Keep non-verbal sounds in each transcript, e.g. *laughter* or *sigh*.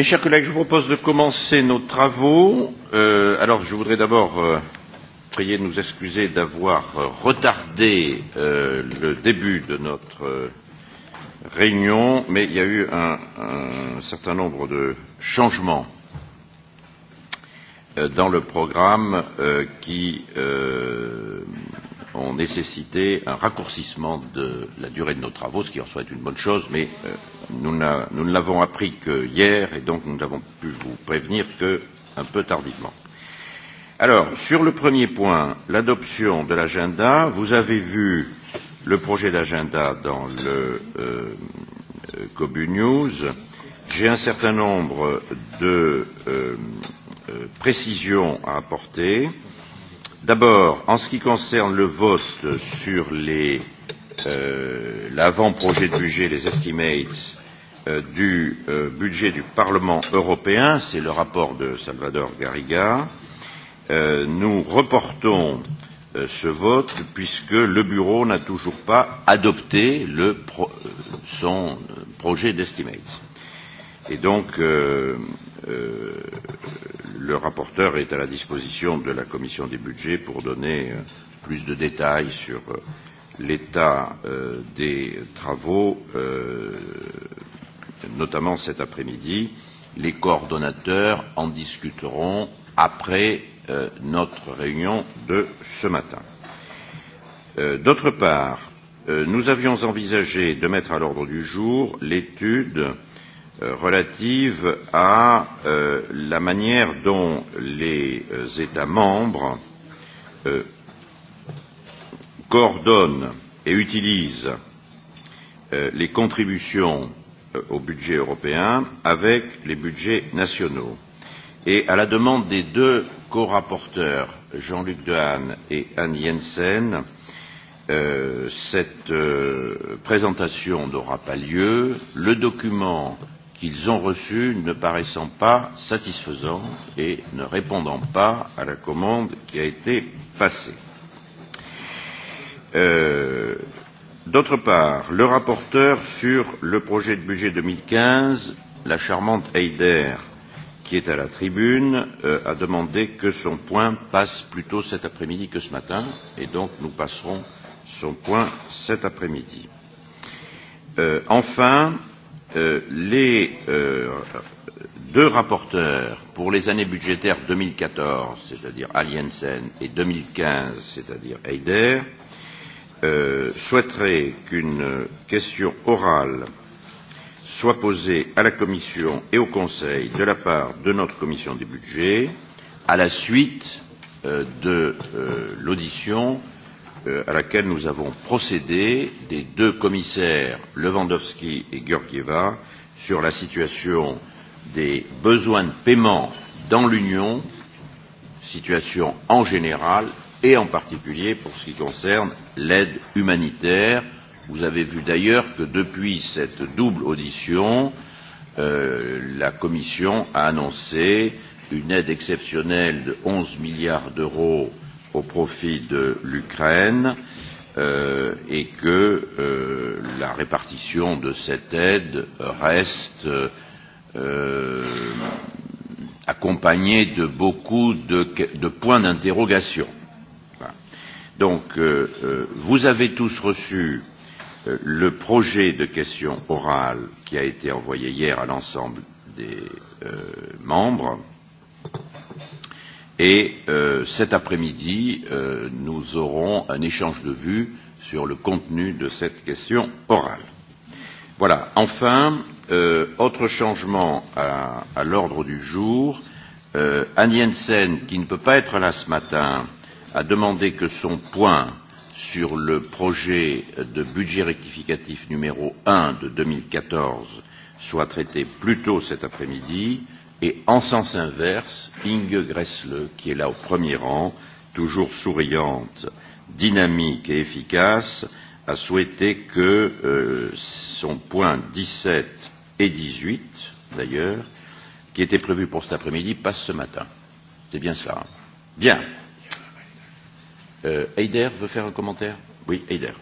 Mes chers collègues, je vous propose de commencer nos travaux. Euh, alors, je voudrais d'abord euh, prier de nous excuser d'avoir euh, retardé euh, le début de notre euh, réunion, mais il y a eu un, un certain nombre de changements euh, dans le programme euh, qui euh, ont nécessité un raccourcissement de la durée de nos travaux, ce qui en soit une bonne chose, mais euh, nous ne l'avons appris que hier et donc nous n'avons pu vous prévenir qu'un peu tardivement. Alors, sur le premier point, l'adoption de l'agenda, vous avez vu le projet d'agenda dans le euh, Cobu News. J'ai un certain nombre de euh, euh, précisions à apporter. D'abord, en ce qui concerne le vote sur les euh, l'avant-projet de budget, les estimates, Euh, du euh, budget du Parlement européen, c'est le rapport de Salvador Garriga, euh, nous reportons ce vote puisque le Bureau n'a toujours pas adopté le pro son projet d'estimates. Et donc, euh, euh, le rapporteur est à la disposition de la Commission des budgets pour donner euh, plus de détails sur euh, l'état euh, des travaux euh, notamment cet après-midi. Les coordonnateurs en discuteront après euh, notre réunion de ce matin. Euh, D'autre part, euh, nous avions envisagé de mettre à l'ordre du jour l'étude euh, relative à euh, la manière dont les euh, États membres euh, coordonnent et utilisent euh, les contributions Euh, au budget européen avec les budgets nationaux. Et à la demande des deux corapporteurs, Jean-Luc Dehaene et Anne Jensen, euh, cette euh, présentation n'aura pas lieu, le document qu'ils ont reçu ne paraissant pas satisfaisant et ne répondant pas à la commande qui a été passée. Euh, D'autre part, le rapporteur sur le projet de budget 2015, la charmante Heider, qui est à la tribune, euh, a demandé que son point passe plus tôt cet après-midi que ce matin, et donc nous passerons son point cet après-midi. Euh, enfin, euh, les euh, deux rapporteurs pour les années budgétaires 2014, c'est-à-dire Aliensen, et 2015, c'est-à-dire Heider, euh, euh, souhaiterait qu'une question orale soit posée à la Commission et au Conseil de la part de notre Commission des budgets à la suite euh, de euh, l'audition euh, à laquelle nous avons procédé des deux commissaires Lewandowski et Georgieva sur la situation des besoins de paiement dans l'Union, situation en général et en particulier pour ce qui concerne l'aide humanitaire. Vous avez vu d'ailleurs que depuis cette double audition, euh, la Commission a annoncé une aide exceptionnelle de 11 milliards d'euros au profit de l'Ukraine euh, et que euh, la répartition de cette aide reste euh, accompagnée de beaucoup de, de points d'interrogation. Donc, euh, euh, vous avez tous reçu euh, le projet de question orale qui a été envoyé hier à l'ensemble des euh, membres. Et euh, cet après-midi, euh, nous aurons un échange de vues sur le contenu de cette question orale. Voilà. Enfin, euh, autre changement à, à l'ordre du jour. Euh, Anne Jensen, qui ne peut pas être là ce matin, euh, a demandé que son point sur le projet de budget rectificatif numéro 1 de 2014 soit traité plus tôt cet après-midi et en sens inverse, Inge Gressle, qui est là au premier rang, toujours souriante, dynamique et efficace, a souhaité que euh, son point 17 et 18, d'ailleurs, qui était prévu pour cet après-midi, passe ce matin. C'est bien cela. Hein bien. Euh, Eider veut faire un commentaire Oui, Eider.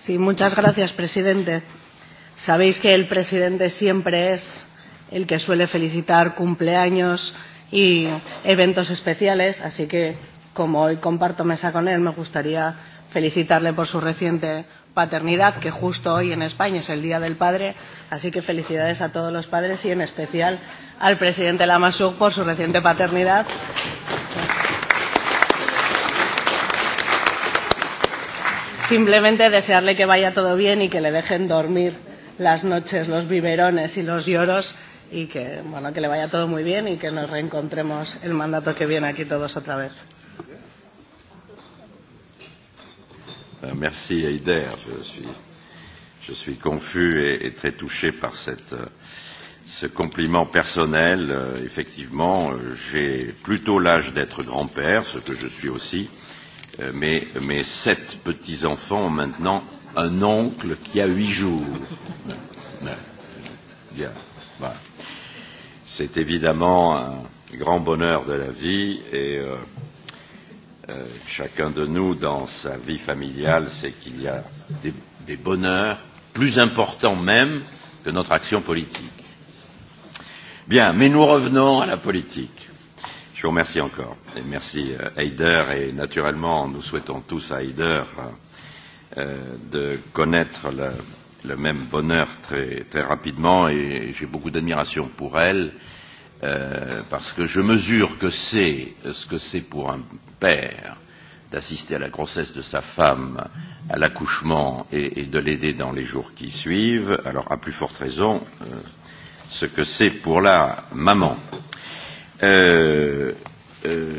Sí, muchas gracias, presidente. Sabéis que el presidente siempre es el que suele felicitar cumpleaños y eventos especiales, así que como hoy comparto mesa con él, me gustaría felicitarle por su reciente paternidad, que justo hoy en España es el Día del Padre, así que felicidades a todos los padres y en especial al presidente Lamassoure por su reciente paternidad simplemente desearle que vaya todo bien y que le dejen dormir las noches, los biberones y los lloros y que, bueno, que le vaya todo muy bien y que nos reencontremos el mandato que viene aquí todos otra vez. Euh, merci Heider, je suis, je suis confus et, et très touché par cette, euh, ce compliment personnel. Euh, effectivement, j'ai plutôt l'âge d'être grand-père, ce que je suis aussi, euh, mes, mes sept petits-enfants ont maintenant un oncle qui a huit jours. Bien, voilà. C'est évidemment un grand bonheur de la vie et euh, euh, chacun de nous, dans sa vie familiale, sait qu'il y a des, des bonheurs plus importants même que notre action politique. Bien, mais nous revenons à la politique. Je vous remercie encore. Et merci euh, Heider. Et naturellement, nous souhaitons tous à Heider euh, euh, de connaître le, le même bonheur très, très rapidement. Et j'ai beaucoup d'admiration pour elle. Euh, parce que je mesure que c'est ce que c'est pour un père d'assister à la grossesse de sa femme, à l'accouchement et, et de l'aider dans les jours qui suivent, alors à plus forte raison, euh, ce que c'est pour la maman. Euh, Euh, euh,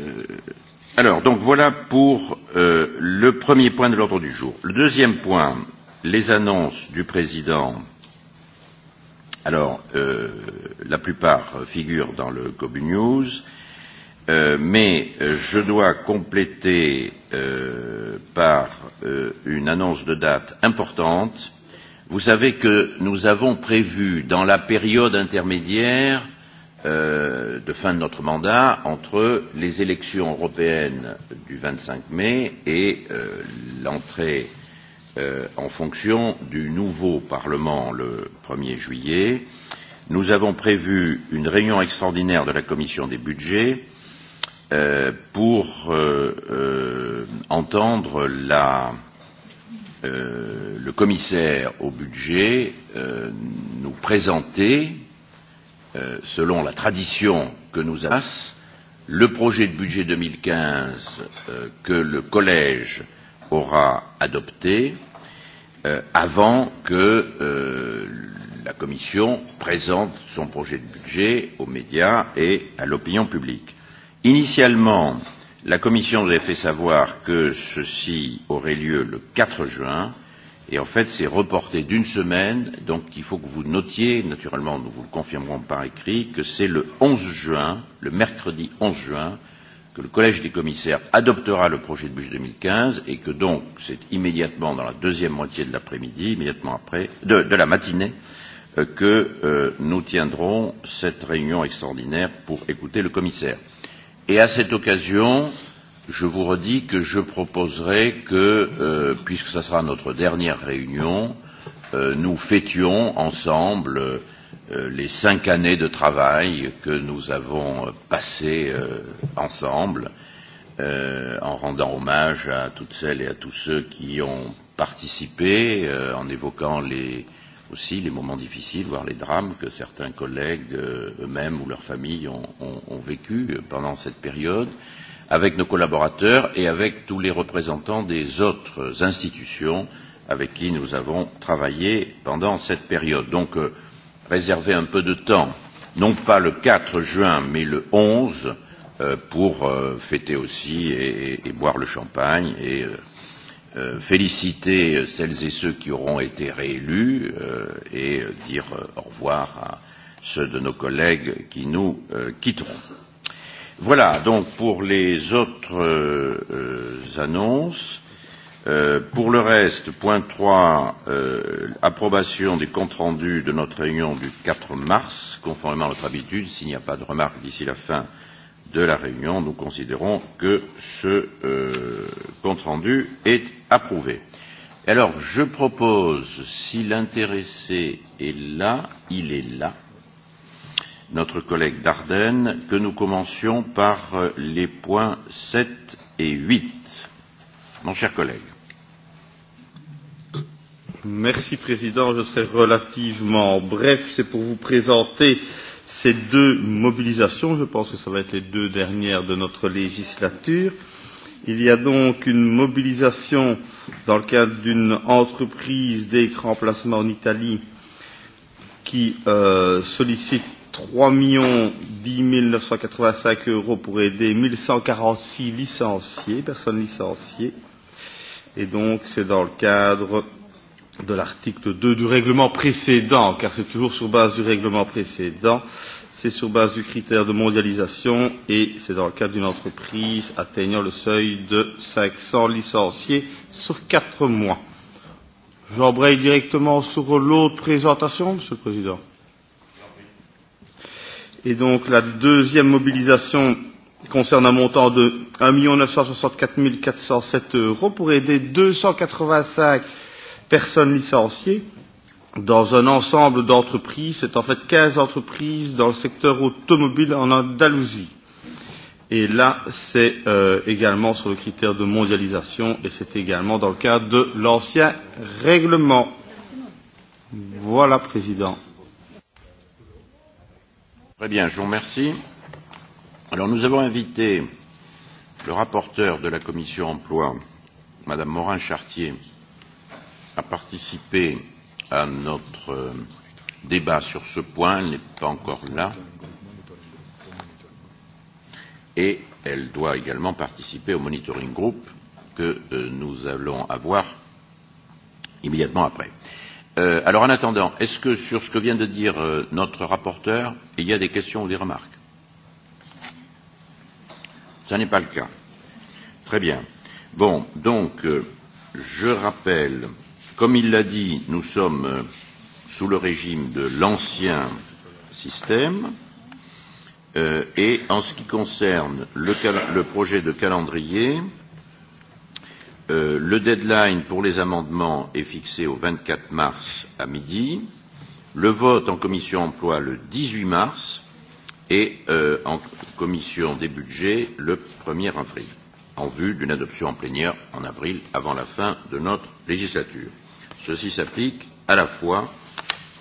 alors, donc voilà pour euh, le premier point de l'ordre du jour. Le deuxième point, les annonces du président. Alors, euh, la plupart figurent dans le Cobu News, euh, mais euh, je dois compléter euh, par euh, une annonce de date importante. Vous savez que nous avons prévu dans la période intermédiaire euh, euh, de fin de notre mandat entre les élections européennes du 25 mai et euh, l'entrée euh, en fonction du nouveau Parlement le 1er juillet. Nous avons prévu une réunion extraordinaire de la Commission des budgets euh, pour euh, euh, entendre la, euh, le commissaire au budget euh, nous présenter euh, euh, selon la tradition que nous avons, le projet de budget 2015 euh, que le collège aura adopté euh, avant que euh, la Commission présente son projet de budget aux médias et à l'opinion publique. Initialement, la Commission nous avait fait savoir que ceci aurait lieu le 4 juin. Et en fait, c'est reporté d'une semaine, donc il faut que vous notiez, naturellement, nous vous le confirmerons par écrit, que c'est le 11 juin, le mercredi 11 juin, que le Collège des commissaires adoptera le projet de budget 2015 et que donc c'est immédiatement dans la deuxième moitié de l'après-midi, immédiatement après, de, de la matinée, euh, que euh, nous tiendrons cette réunion extraordinaire pour écouter le commissaire. Et à cette occasion, euh, je vous redis que je proposerai que, euh, puisque ce sera notre dernière réunion, euh, nous fêtions ensemble euh, les cinq années de travail que nous avons passées euh, ensemble, euh, en rendant hommage à toutes celles et à tous ceux qui y ont participé, euh, en évoquant les, aussi les moments difficiles, voire les drames que certains collègues euh, eux-mêmes ou leurs familles ont, ont, ont vécu pendant cette période. Euh, avec nos collaborateurs et avec tous les représentants des autres institutions avec qui nous avons travaillé pendant cette période. Donc, euh, réserver un peu de temps, non pas le 4 juin, mais le 11, euh, pour euh, fêter aussi et, et, et boire le champagne et euh, euh, féliciter celles et ceux qui auront été réélus euh, et euh, dire euh, au revoir à ceux de nos collègues qui nous euh, quitteront. Voilà, donc pour les autres euh, euh, annonces. Euh, pour le reste, point 3, euh, approbation des comptes rendus de notre réunion du 4 mars, conformément à notre habitude. S'il n'y a pas de remarques d'ici la fin de la réunion, nous considérons que ce euh, compte rendu est approuvé. Alors, je propose, si l'intéressé est là, il est là. Euh, notre collègue Dardenne que nous commencions par euh, les points 7 et 8. Mon cher collègue. Merci Président, je serai relativement bref. C'est pour vous présenter ces deux mobilisations. Je pense que ça va être les deux dernières de notre législature. Il y a donc une mobilisation dans le cadre d'une entreprise d'écran placement en Italie qui euh, sollicite 3 millions 10 985 euros pour aider 1146 licenciés, personnes licenciées. Et donc, c'est dans le cadre de l'article 2 du règlement précédent, car c'est toujours sur base du règlement précédent, c'est sur base du critère de mondialisation et c'est dans le cadre d'une entreprise atteignant le seuil de 500 licenciés sur 4 mois. J'embraye directement sur l'autre présentation, Monsieur le Président. Et donc la deuxième mobilisation concerne un montant de 1 964 407 euros pour aider 285 personnes licenciées dans un ensemble d'entreprises. C'est en fait 15 entreprises dans le secteur automobile en Andalousie. Et là, c'est euh, également sur le critère de mondialisation et c'est également dans le cadre de l'ancien règlement. Voilà, Président. Très bien, je vous remercie. Alors nous avons invité le rapporteur de la commission emploi, Madame Morin Chartier, à participer à notre euh, débat sur ce point. Elle n'est pas encore là. Et elle doit également participer au monitoring group que euh, nous allons avoir immédiatement après. Euh, alors en attendant, est-ce que sur ce que vient de dire euh, notre rapporteur, il y a des questions ou des remarques Ce n'est pas le cas. Très bien. Bon, donc, euh, je rappelle, comme il l'a dit, nous sommes euh, sous le régime de l'ancien système. Euh, et en ce qui concerne le, le projet de calendrier, euh, Euh, le deadline pour les amendements est fixé au 24 mars à midi. Le vote en commission emploi le 18 mars et euh, en commission des budgets le 1er avril, en vue d'une adoption en plénière en avril avant la fin de notre législature. Ceci s'applique à la fois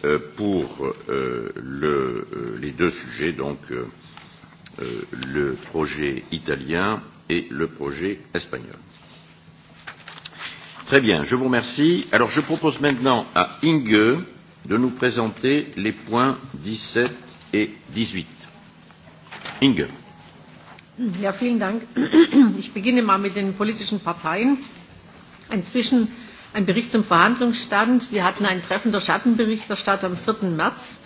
euh, pour euh, le, euh, les deux sujets, donc euh, euh le projet italien et le projet espagnol. Très bien, je vous remercie. Alors je propose maintenant à Inge de nous présenter les points 17 et 18. Inge. Ja, vielen Dank. Ich beginne mal mit den politischen Parteien. Inzwischen ein Bericht zum Verhandlungsstand. Wir hatten ein Treffen der Schattenberichterstatter am 4. März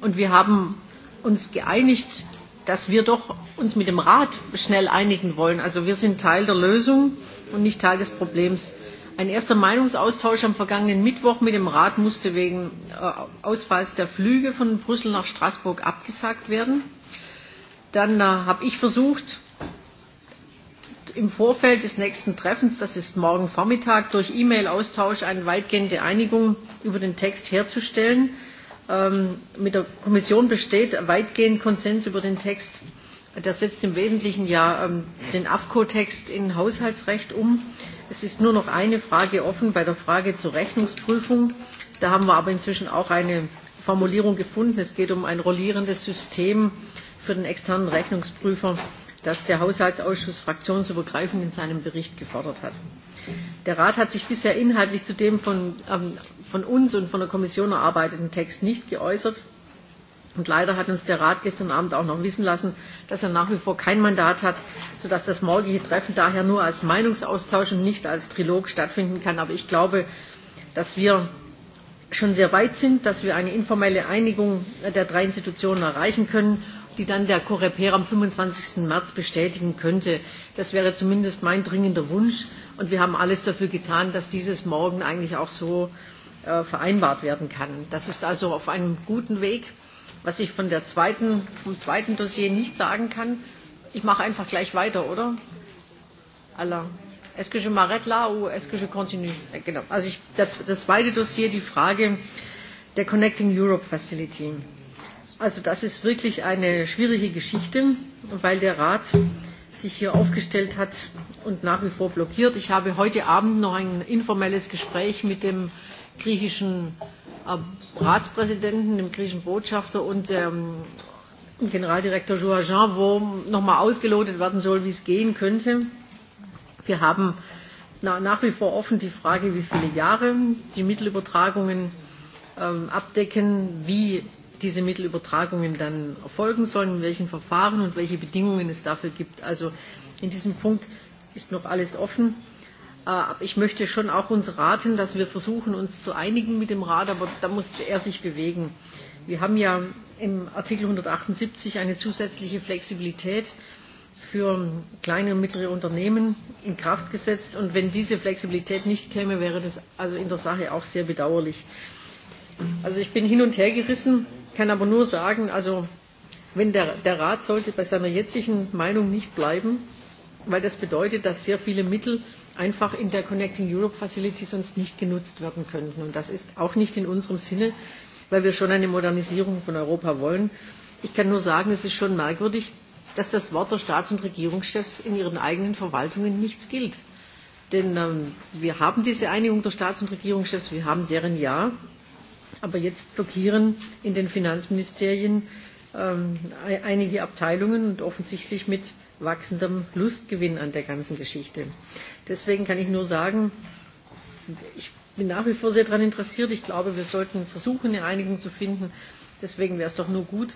und wir haben uns geeinigt, dass wir doch uns mit dem Rat schnell einigen wollen. Also wir sind Teil der Lösung und nicht Teil des Problems. Ein erster Meinungsaustausch am vergangenen Mittwoch mit dem Rat musste wegen äh, Ausfalls der Flüge von Brüssel nach Straßburg abgesagt werden. Dann äh, habe ich versucht, im Vorfeld des nächsten Treffens, das ist morgen Vormittag, durch E-Mail-Austausch eine weitgehende Einigung über den Text herzustellen. Ähm, mit der Kommission besteht weitgehend Konsens über den Text. Der setzt im Wesentlichen ja ähm, den AFCO-Text in Haushaltsrecht um. Äh, Es ist nur noch eine Frage offen bei der Frage zur Rechnungsprüfung. Da haben wir aber inzwischen auch eine Formulierung gefunden. Es geht um ein rollierendes System für den externen Rechnungsprüfer, das der Haushaltsausschuss fraktionsübergreifend in seinem Bericht gefordert hat. Der Rat hat sich bisher inhaltlich zu dem von, ähm, von uns und von der Kommission erarbeiteten Text nicht geäußert. Und leider hat uns der Rat gestern Abend auch noch wissen lassen, dass er nach wie vor kein Mandat hat, sodass das morgige Treffen daher nur als Meinungsaustausch und nicht als Trilog stattfinden kann. Aber ich glaube, dass wir schon sehr weit sind, dass wir eine informelle Einigung der drei Institutionen erreichen können, die dann der Coreper am 25. März bestätigen könnte. Das wäre zumindest mein dringender Wunsch. Und wir haben alles dafür getan, dass dieses morgen eigentlich auch so äh, vereinbart werden kann. Das ist also auf einem guten Weg. Was ich von der zweiten, vom zweiten Dossier nicht sagen kann, ich mache einfach gleich weiter, oder? Allah. Est-ce que je m'arrête là ou est-ce que je continue? Äh, genau. Also ich, das, das zweite Dossier, die Frage der Connecting Europe Facility. Also das ist wirklich eine schwierige Geschichte, weil der Rat sich hier aufgestellt hat und nach wie vor blockiert. Ich habe heute Abend noch ein informelles Gespräch mit dem griechischen äh, Ratspräsidenten, dem griechischen Botschafter und ähm, Generaldirektor Jouagin, wo nochmal ausgelotet werden soll, wie es gehen könnte. Wir haben na, nach wie vor offen die Frage, wie viele Jahre die Mittelübertragungen ähm, abdecken, wie diese Mittelübertragungen dann erfolgen sollen, in welchen Verfahren und welche Bedingungen es dafür gibt. Also in diesem Punkt ist noch alles offen. Äh, aber ich möchte schon auch uns raten, dass wir versuchen, uns zu einigen mit dem Rat, aber da muss er sich bewegen. Wir haben ja im Artikel 178 eine zusätzliche Flexibilität für kleine und mittlere Unternehmen in Kraft gesetzt. Und wenn diese Flexibilität nicht käme, wäre das also in der Sache auch sehr bedauerlich. Also ich bin hin und her gerissen, kann aber nur sagen, also wenn der, der Rat sollte bei seiner jetzigen Meinung nicht bleiben, weil das bedeutet, dass sehr viele Mittel einfach in der Connecting Europe Facility sonst nicht genutzt werden könnten. Und das ist auch nicht in unserem Sinne, weil wir schon eine Modernisierung von Europa wollen. Ich kann nur sagen, es ist schon merkwürdig, dass das Wort der Staats- und Regierungschefs in ihren eigenen Verwaltungen nichts gilt. Denn ähm, wir haben diese Einigung der Staats- und Regierungschefs, wir haben deren Ja, aber jetzt blockieren in den Finanzministerien ähm, e-, einige Abteilungen und offensichtlich mit wachsendem Lustgewinn an der ganzen Geschichte. Deswegen kann ich nur sagen, ich bin nach wie vor sehr daran interessiert. Ich glaube, wir sollten versuchen, eine Einigung zu finden. Deswegen wäre es doch nur gut,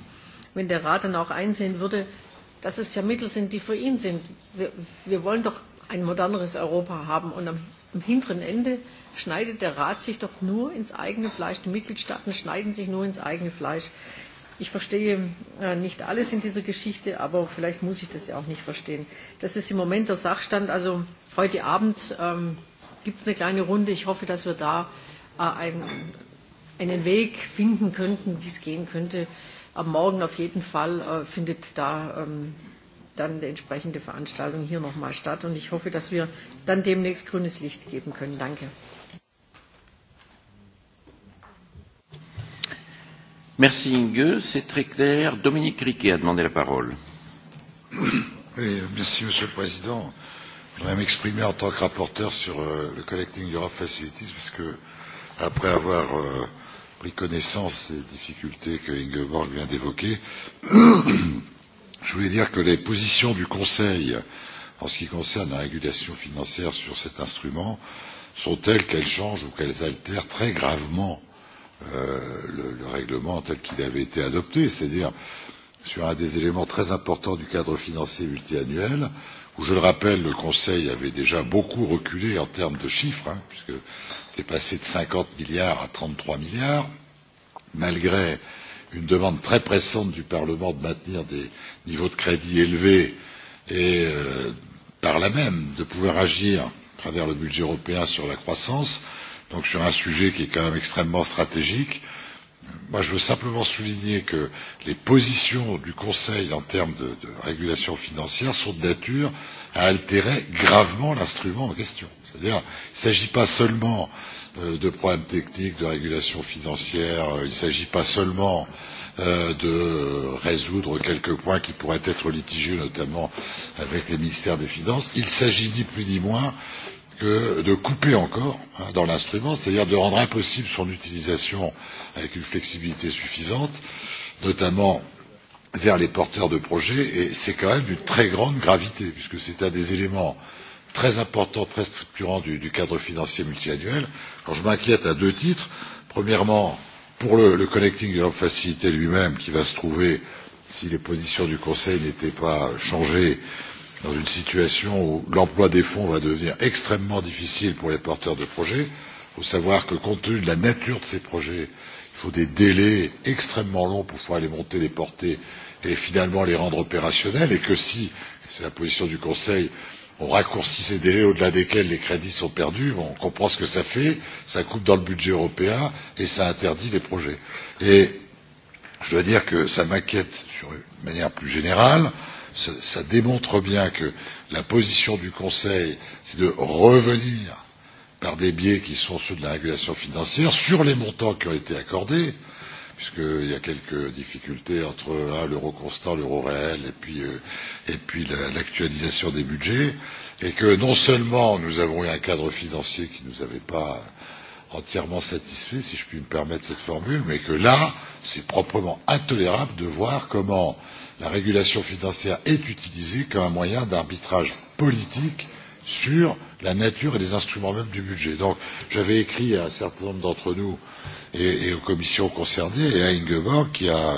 wenn der Rat dann auch einsehen würde, dass es ja Mittel sind, die für ihn sind. Wir, wir wollen doch ein moderneres Europa haben. Und am, am hinteren Ende schneidet der Rat sich doch nur ins eigene Fleisch. Die Mitgliedstaaten schneiden sich nur ins eigene Fleisch. Ich verstehe äh, nicht alles in dieser Geschichte, aber vielleicht muss ich das ja auch nicht verstehen. Das ist im Moment der Sachstand. Also heute Abend ähm, gibt es eine kleine Runde. Ich hoffe, dass wir da äh, einen, einen Weg finden könnten, wie es gehen könnte. Am Morgen auf jeden Fall äh, findet da ähm, dann die entsprechende Veranstaltung hier nochmal statt. Und ich hoffe, dass wir dann demnächst grünes Licht geben können. Danke. Merci Inge, c'est très clair. Dominique Riquet a demandé la parole. Oui, merci Monsieur le Président. Je voudrais m'exprimer en tant que rapporteur sur euh, le Collecting Europe Facilities, parce que après avoir euh, pris connaissance des difficultés que Ingeborg vient d'évoquer, *clears throat* je voulais dire que les positions du Conseil en ce qui concerne la régulation financière sur cet instrument sont telles qu'elles changent ou qu'elles altèrent très gravement euh, le, le règlement tel qu'il avait été adopté, c'est-à-dire sur un des éléments très importants du cadre financier multiannuel, où je le rappelle, le Conseil avait déjà beaucoup reculé en termes de chiffres, hein, puisque c'est passé de 50 milliards à 33 milliards, malgré une demande très pressante du Parlement de maintenir des niveaux de crédit élevés et euh, par là même de pouvoir agir à travers le budget européen sur la croissance, euh, donc sur un sujet qui est quand même extrêmement stratégique. Moi, je veux simplement souligner que les positions du Conseil en termes de, de régulation financière sont de nature à altérer gravement l'instrument en question. C'est-à-dire, il ne s'agit pas seulement euh, de problèmes techniques de régulation financière, euh, il ne s'agit pas seulement euh, de résoudre quelques points qui pourraient être litigieux, notamment avec les ministères des Finances. Il s'agit ni plus ni moins que de couper encore hein, dans l'instrument, c'est-à-dire de rendre impossible son utilisation avec une flexibilité suffisante, notamment vers les porteurs de projets, et c'est quand même d'une très grande gravité, puisque c'est un des éléments très importants, très structurants du, du cadre financier multiannuel. Quand je m'inquiète à deux titres, premièrement, pour le, le Connecting Europe Facilité lui-même, qui va se trouver, si les positions du Conseil n'étaient pas changées, euh, dans une situation où l'emploi des fonds va devenir extrêmement difficile pour les porteurs de projets. Il faut savoir que compte tenu de la nature de ces projets, il faut des délais extrêmement longs pour pouvoir les monter, les porter et finalement les rendre opérationnels et que si, c'est la position du Conseil, on raccourcit ces délais au-delà desquels les crédits sont perdus, bon, on comprend ce que ça fait, ça coupe dans le budget européen et ça interdit les projets. Et je dois dire que ça m'inquiète sur une manière plus générale. Euh, ça, ça démontre bien que la position du Conseil, c'est de revenir par des biais qui sont ceux de la régulation financière sur les montants qui ont été accordés, puisqu'il y a quelques difficultés entre hein, l'euro constant, l'euro réel, et puis, euh, et puis l'actualisation la, des budgets, et que non seulement nous avons eu un cadre financier qui ne nous avait pas entièrement satisfait, si je puis me permettre cette formule, mais que là, c'est proprement intolérable de voir comment euh, la régulation financière est utilisée comme un moyen d'arbitrage politique sur la nature et les instruments même du budget. Donc j'avais écrit à un certain nombre d'entre nous et, et aux commissions concernées et à Ingeborg qui a,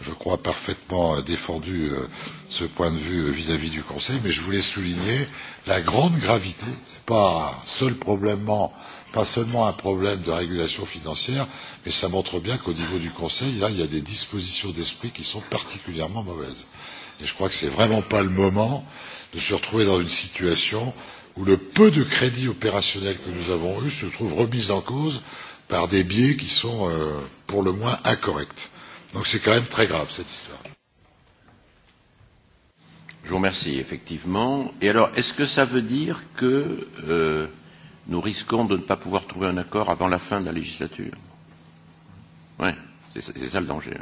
je crois, parfaitement défendu euh, ce point de vue vis-à-vis -vis du Conseil, mais je voulais souligner la grande gravité, ce n'est pas un seul problème pas seulement un problème de régulation financière, mais ça montre bien qu'au niveau du Conseil, là, il y a des dispositions d'esprit qui sont particulièrement mauvaises. Et je crois que ce n'est vraiment pas le moment de se retrouver dans une situation où le peu de crédit opérationnel que nous avons eu se trouve remis en cause par des biais qui sont euh, pour le moins incorrects. Donc c'est quand même très grave cette histoire. Je vous remercie, effectivement. Et alors, est-ce que ça veut dire que euh, nous risquons de ne pas pouvoir trouver un accord avant la fin de la législature. Oui, c'est ça le danger. Ouais.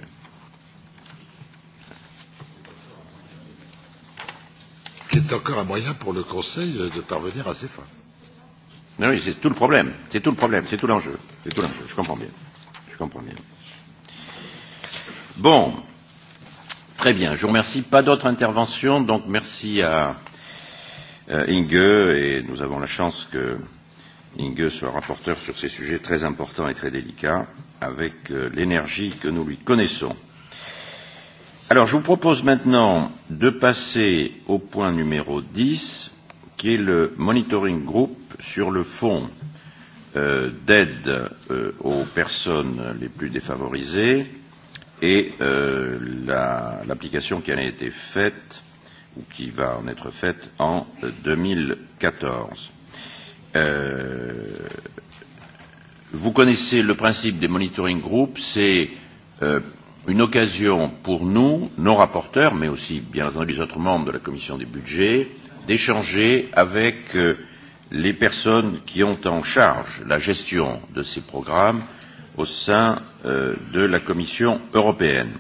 Qui est encore un moyen pour le Conseil euh, de parvenir à ses fins. Non, ah oui, c'est tout le problème. C'est tout le problème. C'est tout l'enjeu. C'est tout l'enjeu. Je comprends bien. Je comprends bien. Bon. Très bien. Je vous remercie. Pas d'autres interventions. Donc, merci à euh, Inge. Et nous avons la chance que Inge, le rapporteur, sur ces sujets très importants et très délicats, avec euh, l'énergie que nous lui connaissons. Alors, je vous propose maintenant de passer au point numéro 10, qui est le monitoring group sur le fonds euh, d'aide euh, aux personnes les plus défavorisées et euh, l'application la, qui en a été faite ou qui va en être faite en 2014. Euh, Euh, vous connaissez le principe des monitoring groups, c'est euh, une occasion pour nous, nos rapporteurs, mais aussi bien entendu les autres membres de la commission des budgets, d'échanger avec euh, les personnes qui ont en charge la gestion de ces programmes au sein euh, de la Commission européenne.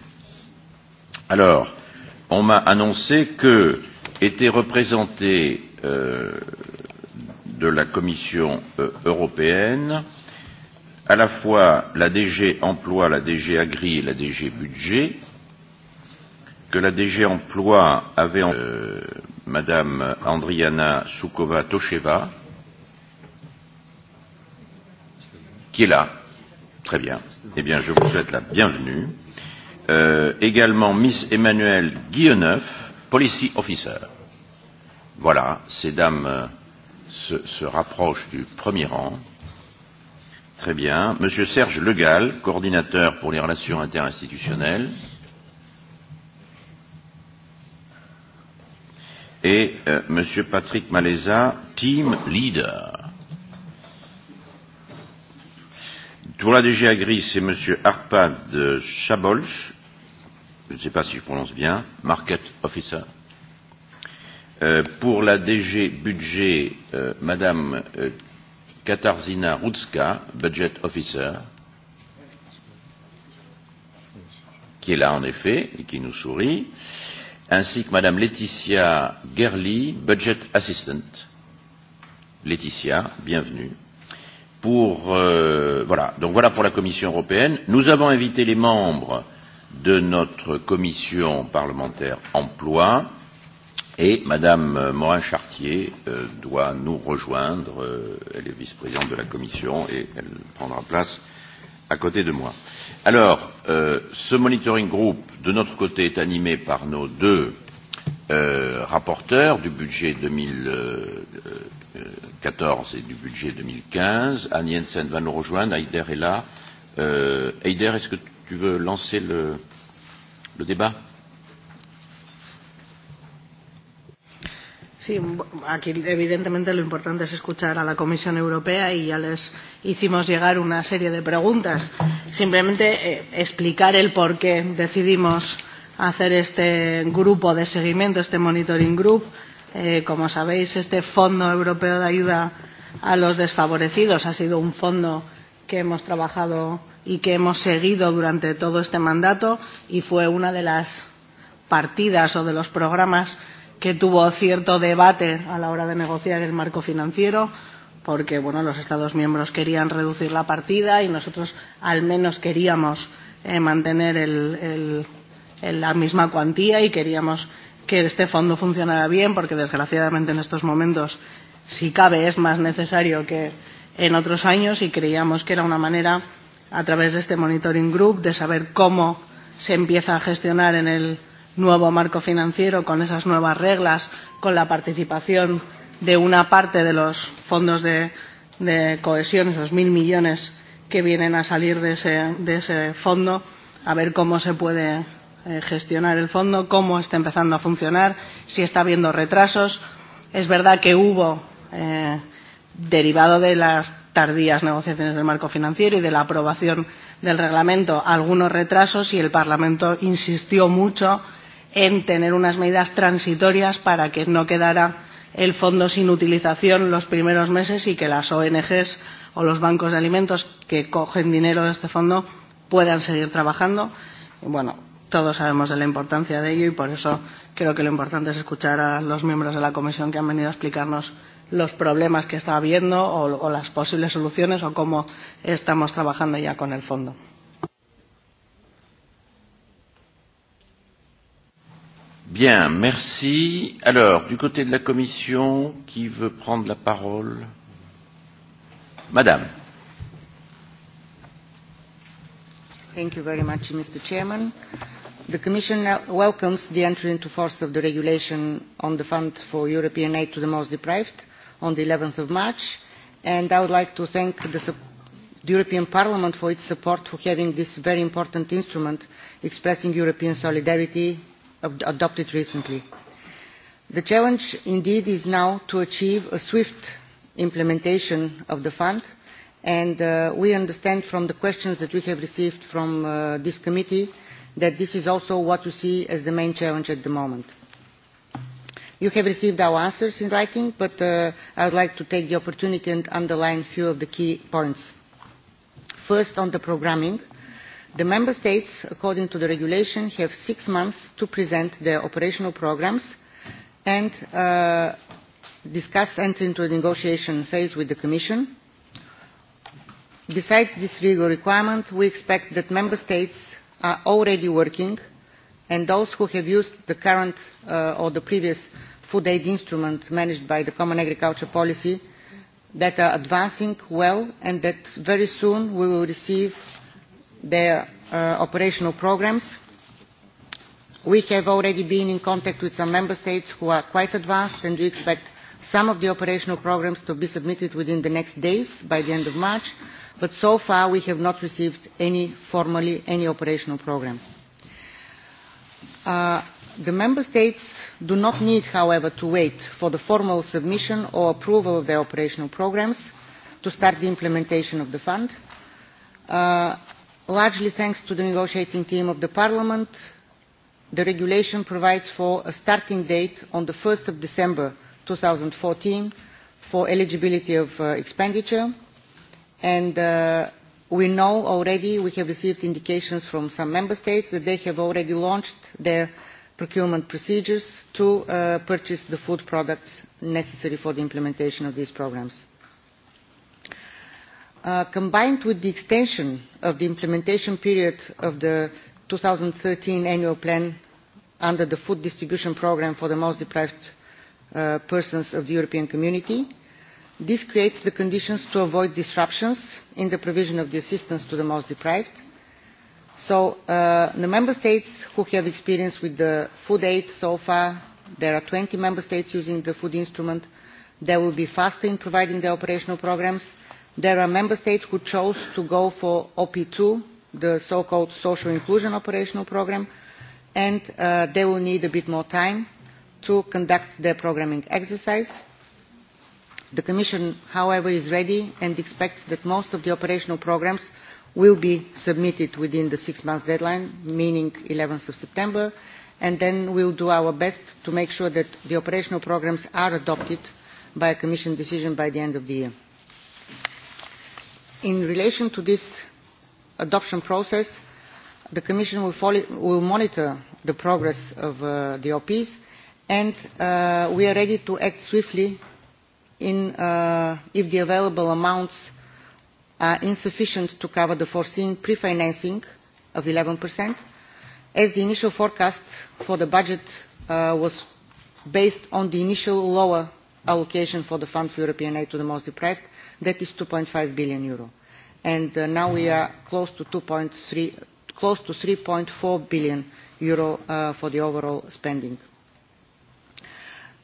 Alors, on m'a annoncé que était représenté euh, de la Commission euh, européenne, à la fois la DG Emploi, la DG Agri et la DG Budget, que la DG Emploi avait euh, Madame Andriana Soukova-Tosheva, qui est là. Très bien. Eh bien, je vous souhaite la bienvenue. Euh, également Miss Emmanuelle Guilleneuf, Policy Officer. Voilà, ces dames. Euh, se, se rapproche du premier rang. Très bien. Monsieur Serge Legal, coordinateur pour les relations interinstitutionnelles. Et euh, Monsieur Patrick Maléza, team leader. Pour la DG Agri, c'est Monsieur Arpad Chabolch, je ne sais pas si je prononce bien, market officer. Euh, pour la DG Budget, euh, Madame euh, Katarzyna Rutska, Budget Officer, qui est là en effet et qui nous sourit, ainsi que Madame Laetitia Gerli, Budget Assistant. Laetitia, bienvenue. Pour, euh, voilà. Donc voilà pour la Commission européenne. Nous avons invité les membres de notre commission parlementaire emploi euh, Et Madame euh, Morin-Chartier euh, doit nous rejoindre. Euh, elle est vice-présidente de la Commission et elle prendra place à côté de moi. Alors, euh, ce monitoring group, de notre côté, est animé par nos deux euh, rapporteurs du budget 2014 euh, euh, et du budget 2015. Anne Jensen va nous rejoindre. Heider est là. Euh, Heider, est-ce que tu veux lancer le, le débat euh, Sí, aquí evidentemente lo importante es escuchar a la Comisión Europea y ya les hicimos llegar una serie de preguntas. Simplemente eh, explicar el por qué decidimos hacer este grupo de seguimiento, este monitoring group. Eh, como sabéis, este Fondo Europeo de Ayuda a los Desfavorecidos ha sido un fondo que hemos trabajado y que hemos seguido durante todo este mandato y fue una de las partidas o de los programas que tuvo cierto debate a la hora de negociar el marco financiero porque bueno, los Estados miembros querían reducir la partida y nosotros al menos queríamos eh, mantener el, el, el, la misma cuantía y queríamos que este fondo funcionara bien porque desgraciadamente en estos momentos si cabe es más necesario que en otros años y creíamos que era una manera a través de este monitoring group de saber cómo se empieza a gestionar en el nuevo marco financiero, con esas nuevas reglas, con la participación de una parte de los fondos de, de cohesión, esos mil millones que vienen a salir de ese, de ese fondo, a ver cómo se puede eh, gestionar el fondo, cómo está empezando a funcionar, si está habiendo retrasos. Es verdad que hubo, eh, derivado de las tardías negociaciones del marco financiero y de la aprobación del reglamento, algunos retrasos y el Parlamento insistió mucho en tener unas medidas transitorias para que no quedara el fondo sin utilización los primeros meses y que las ONG o los bancos de alimentos que cogen dinero de este fondo puedan seguir trabajando. Bueno, todos sabemos de la importancia de ello y por eso creo que lo importante es escuchar a los miembros de la comisión que han venido a explicarnos los problemas que está habiendo o, o las posibles soluciones o cómo estamos trabajando ya con el fondo. Bien, merci. Alors, du côté de la Commission, qui veut prendre la parole Madame. Thank you very much, Mr. Chairman. The Commission welcomes the entry into force of the regulation on the Fund for European Aid to the Most Deprived on the 11th of March, and I would like to thank the, the European Parliament for its support for having this very important instrument expressing European solidarity adopted recently. The challenge indeed is now to achieve a swift implementation of the fund and uh, we understand from the questions that we have received from uh, this committee that this is also what we see as the main challenge at the moment. You have received our answers in writing, but uh, I would like to take the opportunity and underline a few of the key points. First, on the programming. Uh, the member states according to the regulation have six months to present their operational programmes and uh, discuss entering into a negotiation phase with the commission. besides this legal requirement we expect that member states are already working and those who have used the current uh, or the previous food aid instrument managed by the common agricultural policy that are advancing well and that very soon we will receive their uh, operational programs. We have already been in contact with some member states who are quite advanced and we expect some of the operational programs to be submitted within the next days, by the end of March, but so far we have not received any formally any operational program. Uh, the member states do not need, however, to wait for the formal submission or approval of their operational programs to start the implementation of the fund. Uh, largely thanks to the negotiating team of the Parliament, the regulation provides for a starting date on the 1st of December 2014 for eligibility of uh, expenditure and uh, we know already, we have received indications from some member states that they have already launched their procurement procedures to uh, purchase the food products necessary for the implementation of these programs. Uh, combined with the extension of the implementation period of the two thousand and thirteen annual plan under the food distribution programme for the most deprived uh, persons of the european community this creates the conditions to avoid disruptions in the provision of the assistance to the most deprived so uh, the member states who have experience with the food aid so far there are 20 member states using the food instrument they will be faster in providing their operational programs there are member states who chose to go for op two the so called social inclusion operational programme and uh, they will need a bit more time to conduct their programming exercise. the commission however is ready and expects that most of the operational programmes will be submitted within the six month deadline meaning eleven september and then we will do our best to make sure that the operational programmes are adopted by a commission decision by the end of the year in relation to this adoption process the commission will, follow, will monitor the progress of uh, the ops and uh, we are ready to act swiftly in, uh, if the available amounts are insufficient to cover the foreseen pre financing of 11% as the initial forecast for the budget uh, was based on the initial lower allocation for the fund for european aid to the most deprived that is 2.5 billion euro. And uh, now we are close to 2.3, close to 3.4 billion euro uh, for the overall spending.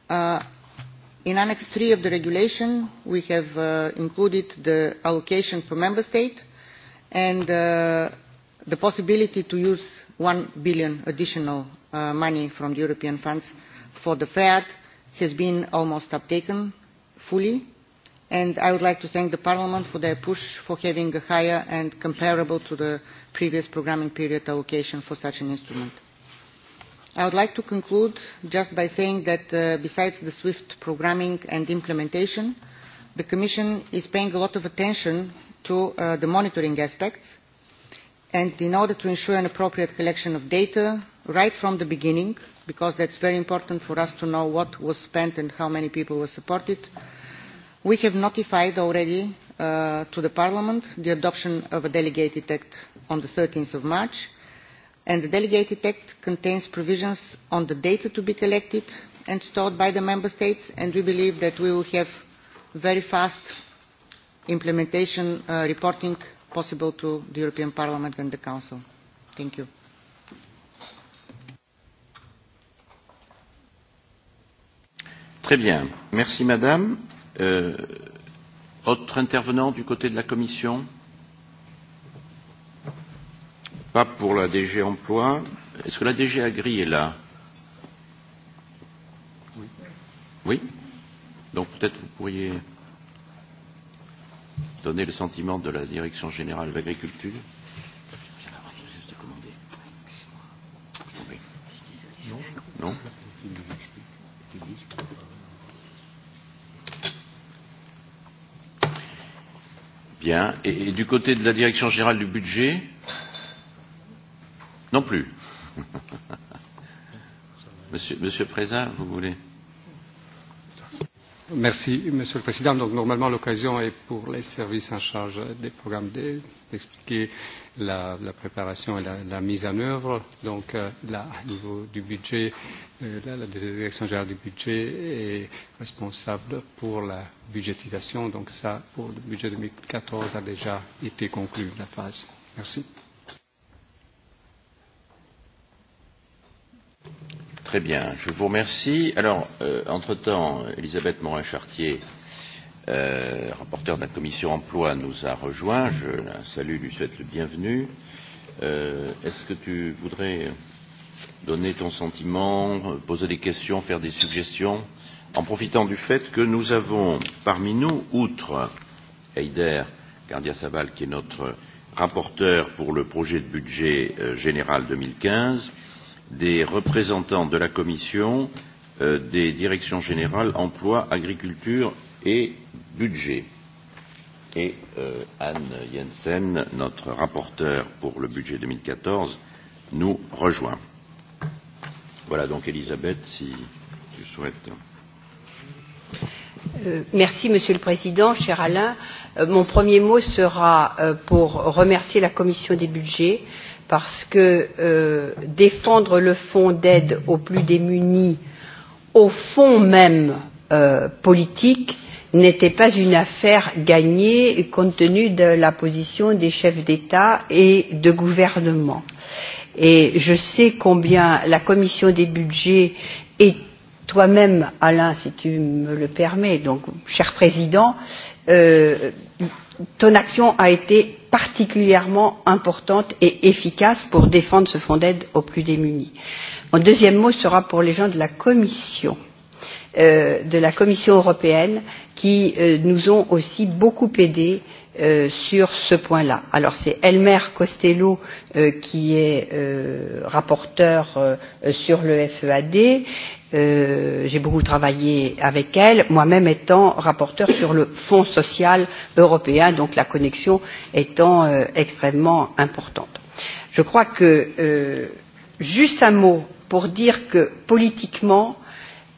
Uh, in Annex 3 of the regulation, we have uh, included the allocation per member state and uh, the possibility to use 1 billion additional uh, money from the European funds for the FEAD has been almost uptaken fully and I would like to thank the Parliament for their push for having a higher and comparable to the previous programming period allocation for such an instrument. I would like to conclude just by saying that uh, besides the swift programming and implementation, the Commission is paying a lot of attention to uh, the monitoring aspects and in order to ensure an appropriate collection of data right from the beginning, because that's very important for us to know what was spent and how many people were supported, uh, we have notified already uh, to the parliament the adoption of a delegated act on thirteen march and the delegated act contains provisions on the data to be collected and stored by the member states and we believe that we will have very fast implementation uh, reporting possible to the european parliament and the council. thank you. Très bien. Merci, Madame. Euh, autre intervenant du côté de la Commission Pas pour la DG Emploi. Est-ce que la DG Agri est là Oui. Oui Donc peut-être vous pourriez donner le sentiment de la Direction générale de l'agriculture. Bien. Et, et du côté de la Direction générale du budget Non plus. *laughs* monsieur, monsieur Préza, vous voulez Merci, Monsieur le Président. Donc, normalement, l'occasion est pour les services en charge des programmes D d'expliquer la, la préparation et la, la mise en œuvre. Donc, euh, là, au niveau du budget, euh, là, la Direction générale du budget est responsable pour la budgétisation. Donc, ça, pour le budget 2014, a déjà été conclu, la phase. Merci. Très bien, je vous remercie. Alors, euh, entre-temps, Elisabeth Morin-Chartier, euh, rapporteure de la commission emploi, nous a rejoint. Je la salue, lui souhaite le bienvenu. Euh, Est-ce que tu voudrais donner ton sentiment, poser des questions, faire des suggestions, en profitant du fait que nous avons parmi nous, outre Heider Gardia Saval, qui est notre rapporteur pour le projet de budget euh, général 2015, des représentants de la Commission euh, des directions générales emploi, agriculture et budget. Et euh, Anne Jensen, notre rapporteur pour le budget 2014, nous rejoint. Voilà donc Elisabeth, si tu souhaites. Euh, merci Monsieur le Président, cher Alain. Euh, mon premier mot sera euh, pour remercier la Commission des budgets euh, parce que euh, défendre le fonds d'aide aux plus démunis au fond même euh, politique n'était pas une affaire gagnée compte tenu de la position des chefs d'État et de gouvernement. Et je sais combien la commission des budgets et toi même, Alain, si tu me le permets, donc cher président, euh, ton action a été particulièrement importante et efficace pour défendre ce fonds d'aide aux plus démunis. Mon deuxième mot sera pour les gens de la Commission, euh, de la Commission européenne, qui euh, nous ont aussi beaucoup aidés euh, sur ce point-là. Alors c'est Elmer Costello euh, qui est euh, rapporteur euh, sur le FEAD Euh, j'ai beaucoup travaillé avec elle, moi-même étant rapporteur sur le Fonds social européen, donc la connexion étant euh, extrêmement importante. Je crois que euh, juste un mot pour dire que politiquement,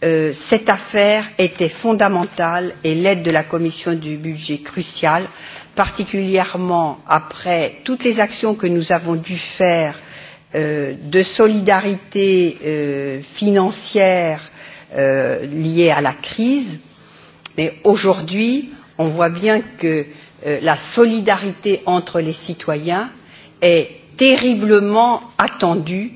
euh, cette affaire était fondamentale et l'aide de la commission du budget cruciale, particulièrement après toutes les actions que nous avons dû faire euh, de solidarité euh, financière euh, liée à la crise, mais aujourd'hui, on voit bien que euh, la solidarité entre les citoyens est terriblement attendue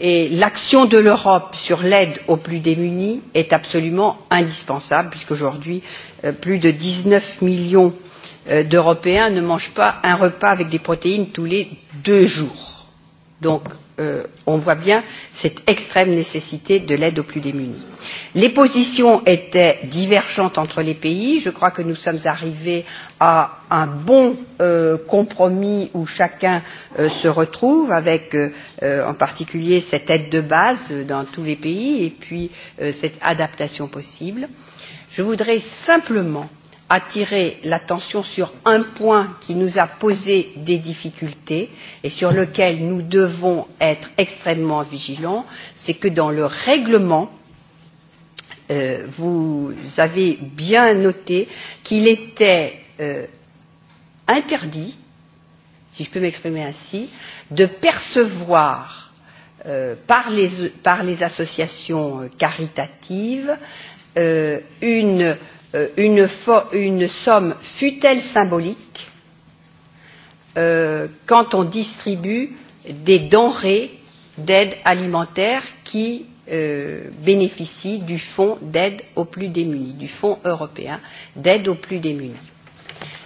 et l'action de l'europe sur l'aide aux plus démunis est absolument indispensable puisqu'aujourd'hui euh, plus de dix neuf millions euh, d'européens ne mangent pas un repas avec des protéines tous les deux jours. Donc, euh, on voit bien cette extrême nécessité de l'aide aux plus démunis. Les positions étaient divergentes entre les pays. Je crois que nous sommes arrivés à un bon euh, compromis où chacun euh, se retrouve, avec euh, euh en particulier cette aide de base euh, dans tous les pays et puis euh, cette adaptation possible. Je voudrais simplement euh, attirer l'attention sur un point qui nous a posé des difficultés et sur lequel nous devons être extrêmement vigilants, c'est que dans le règlement, euh, vous avez bien noté qu'il était euh, interdit, si je peux m'exprimer ainsi, de percevoir euh, par, les, par les associations caritatives euh, une euh, euh, une, une somme, fût-elle symbolique, euh, quand on distribue des denrées d'aide alimentaire qui euh, bénéficient du fonds d'aide aux plus démunis, du fonds européen d'aide aux plus démunis.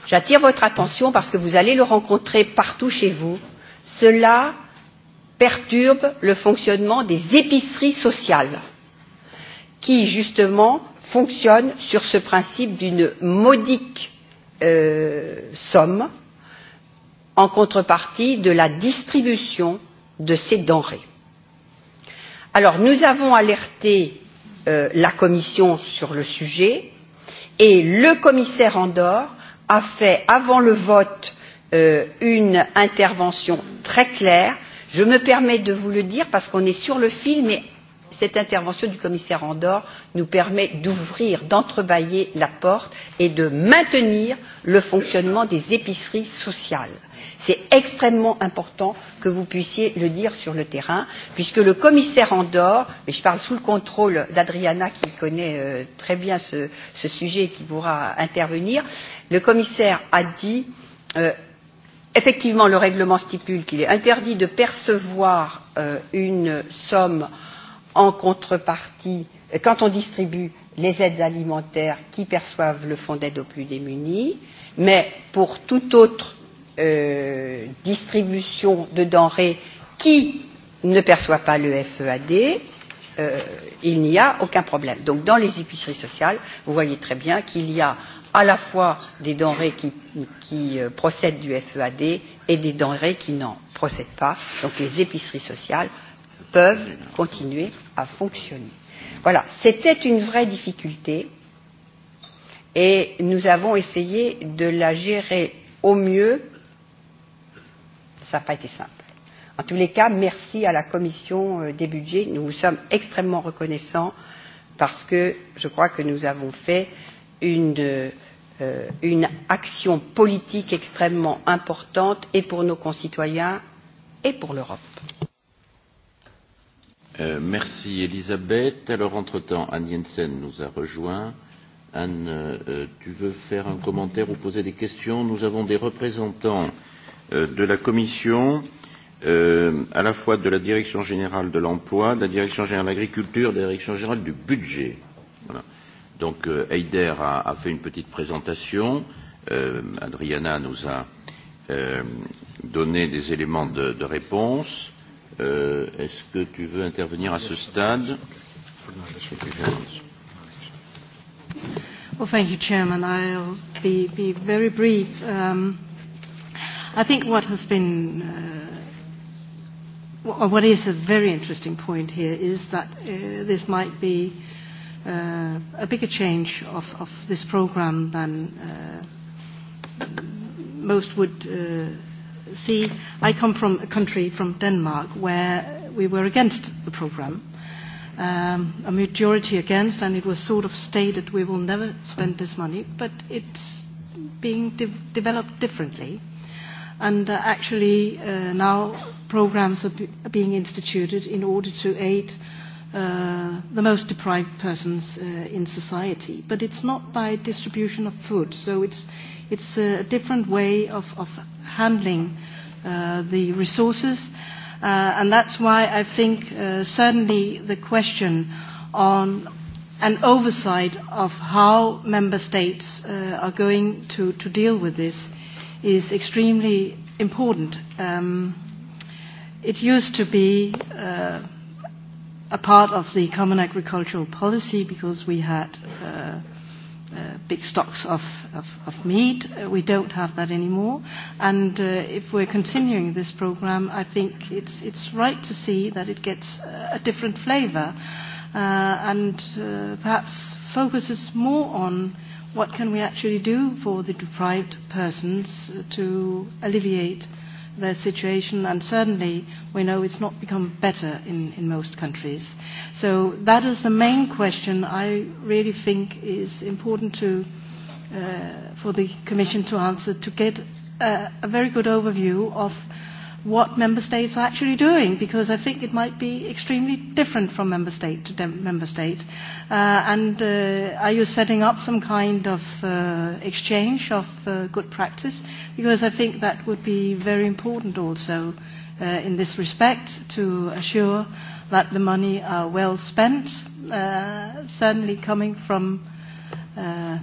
J'attire votre attention parce que vous allez le rencontrer partout chez vous. Cela perturbe le fonctionnement des épiceries sociales qui, justement, fonctionne sur ce principe d'une modique euh, somme en contrepartie de la distribution de ces denrées. Alors, nous avons alerté euh, la Commission sur le sujet et le commissaire Andorre a fait, avant le vote, euh, une intervention très claire. Je me permets de vous le dire parce qu'on est sur le fil, mais cette intervention du commissaire andor nous permet d'ouvrir d'entrebâiller la porte et de maintenir le fonctionnement des épiceries sociales. c'est extrêmement important que vous puissiez le dire sur le terrain puisque le commissaire andor mais je parle sous le contrôle d'adriana qui connaît euh, très bien ce, ce sujet et qui pourra intervenir le commissaire a dit euh, effectivement le règlement stipule qu'il est interdit de percevoir euh, une somme euh, en contrepartie euh, quand on distribue les aides alimentaires qui perçoivent le fonds d'aide aux plus démunis mais pour toute autre euh, distribution de denrées qui ne perçoit pas le FEAD, euh, il n'y a aucun problème. Donc dans les épiceries sociales, vous voyez très bien qu'il y a à la fois des denrées qui, qui euh, procèdent du FEAD et des denrées qui n'en procèdent pas. Donc les épiceries sociales peuvent continuer à fonctionner. Voilà, c'était une vraie difficulté et nous avons essayé de la gérer au mieux. Ça n'a pas été simple. En tous les cas, merci à la Commission euh, des budgets. Nous vous sommes extrêmement reconnaissants parce que je crois que nous avons fait une, euh, une action politique extrêmement importante et pour nos concitoyens et pour l'Europe. Euh, merci Elisabeth. Alors entre-temps, Anne Jensen nous a rejoint. Anne, euh, tu veux faire un commentaire ou poser des questions Nous avons des représentants euh, de la Commission, euh, à la fois de la Direction générale de l'emploi, de la Direction générale de l'agriculture, de la Direction générale du budget. Voilà. Donc euh, Heider a, a fait une petite présentation. Euh, Adriana nous a euh, donné des éléments de, de réponse. Euh, Est-ce que tu veux intervenir à ce stade Well, thank you, Chairman. I'll be, be very brief. Um, I think what has been, uh, what is a very interesting point here is that uh, this might be uh, a bigger change of, of this program than uh, most would. Uh, see, I come from a country, from Denmark, where we were against the program. Um, a majority against, and it was sort of stated we will never spend this money, but it's being de- developed differently. And uh, actually, uh, now programs are, b- are being instituted in order to aid uh, uh, the most deprived persons uh, in society. But it's not by distribution of food, so it's, it's a different way of, of handling uh, the resources. Uh, and that's why I think uh, certainly the question on an oversight of how member states uh, are going to, to deal with this is extremely important. Um, it used to be uh, a part of the common agricultural policy because we had uh, uh, big stocks of, of, of meat. Uh, we don't have that anymore. And uh, if we're continuing this program, I think it's, it's right to see that it gets a different flavor uh, and uh, perhaps focuses more on what can we actually do for the deprived persons to alleviate their situation, and certainly we know it's not become better in, in most countries. So that is the main question I really think is important to, uh, for the Commission to answer to get a, a very good overview of what member states are actually doing because I think it might be extremely different from member state to de- member state. Uh, and uh, are you setting up some kind of uh, exchange of uh, good practice? Because I think that would be very important also uh, in this respect to assure that the money are well spent, uh, certainly coming from uh,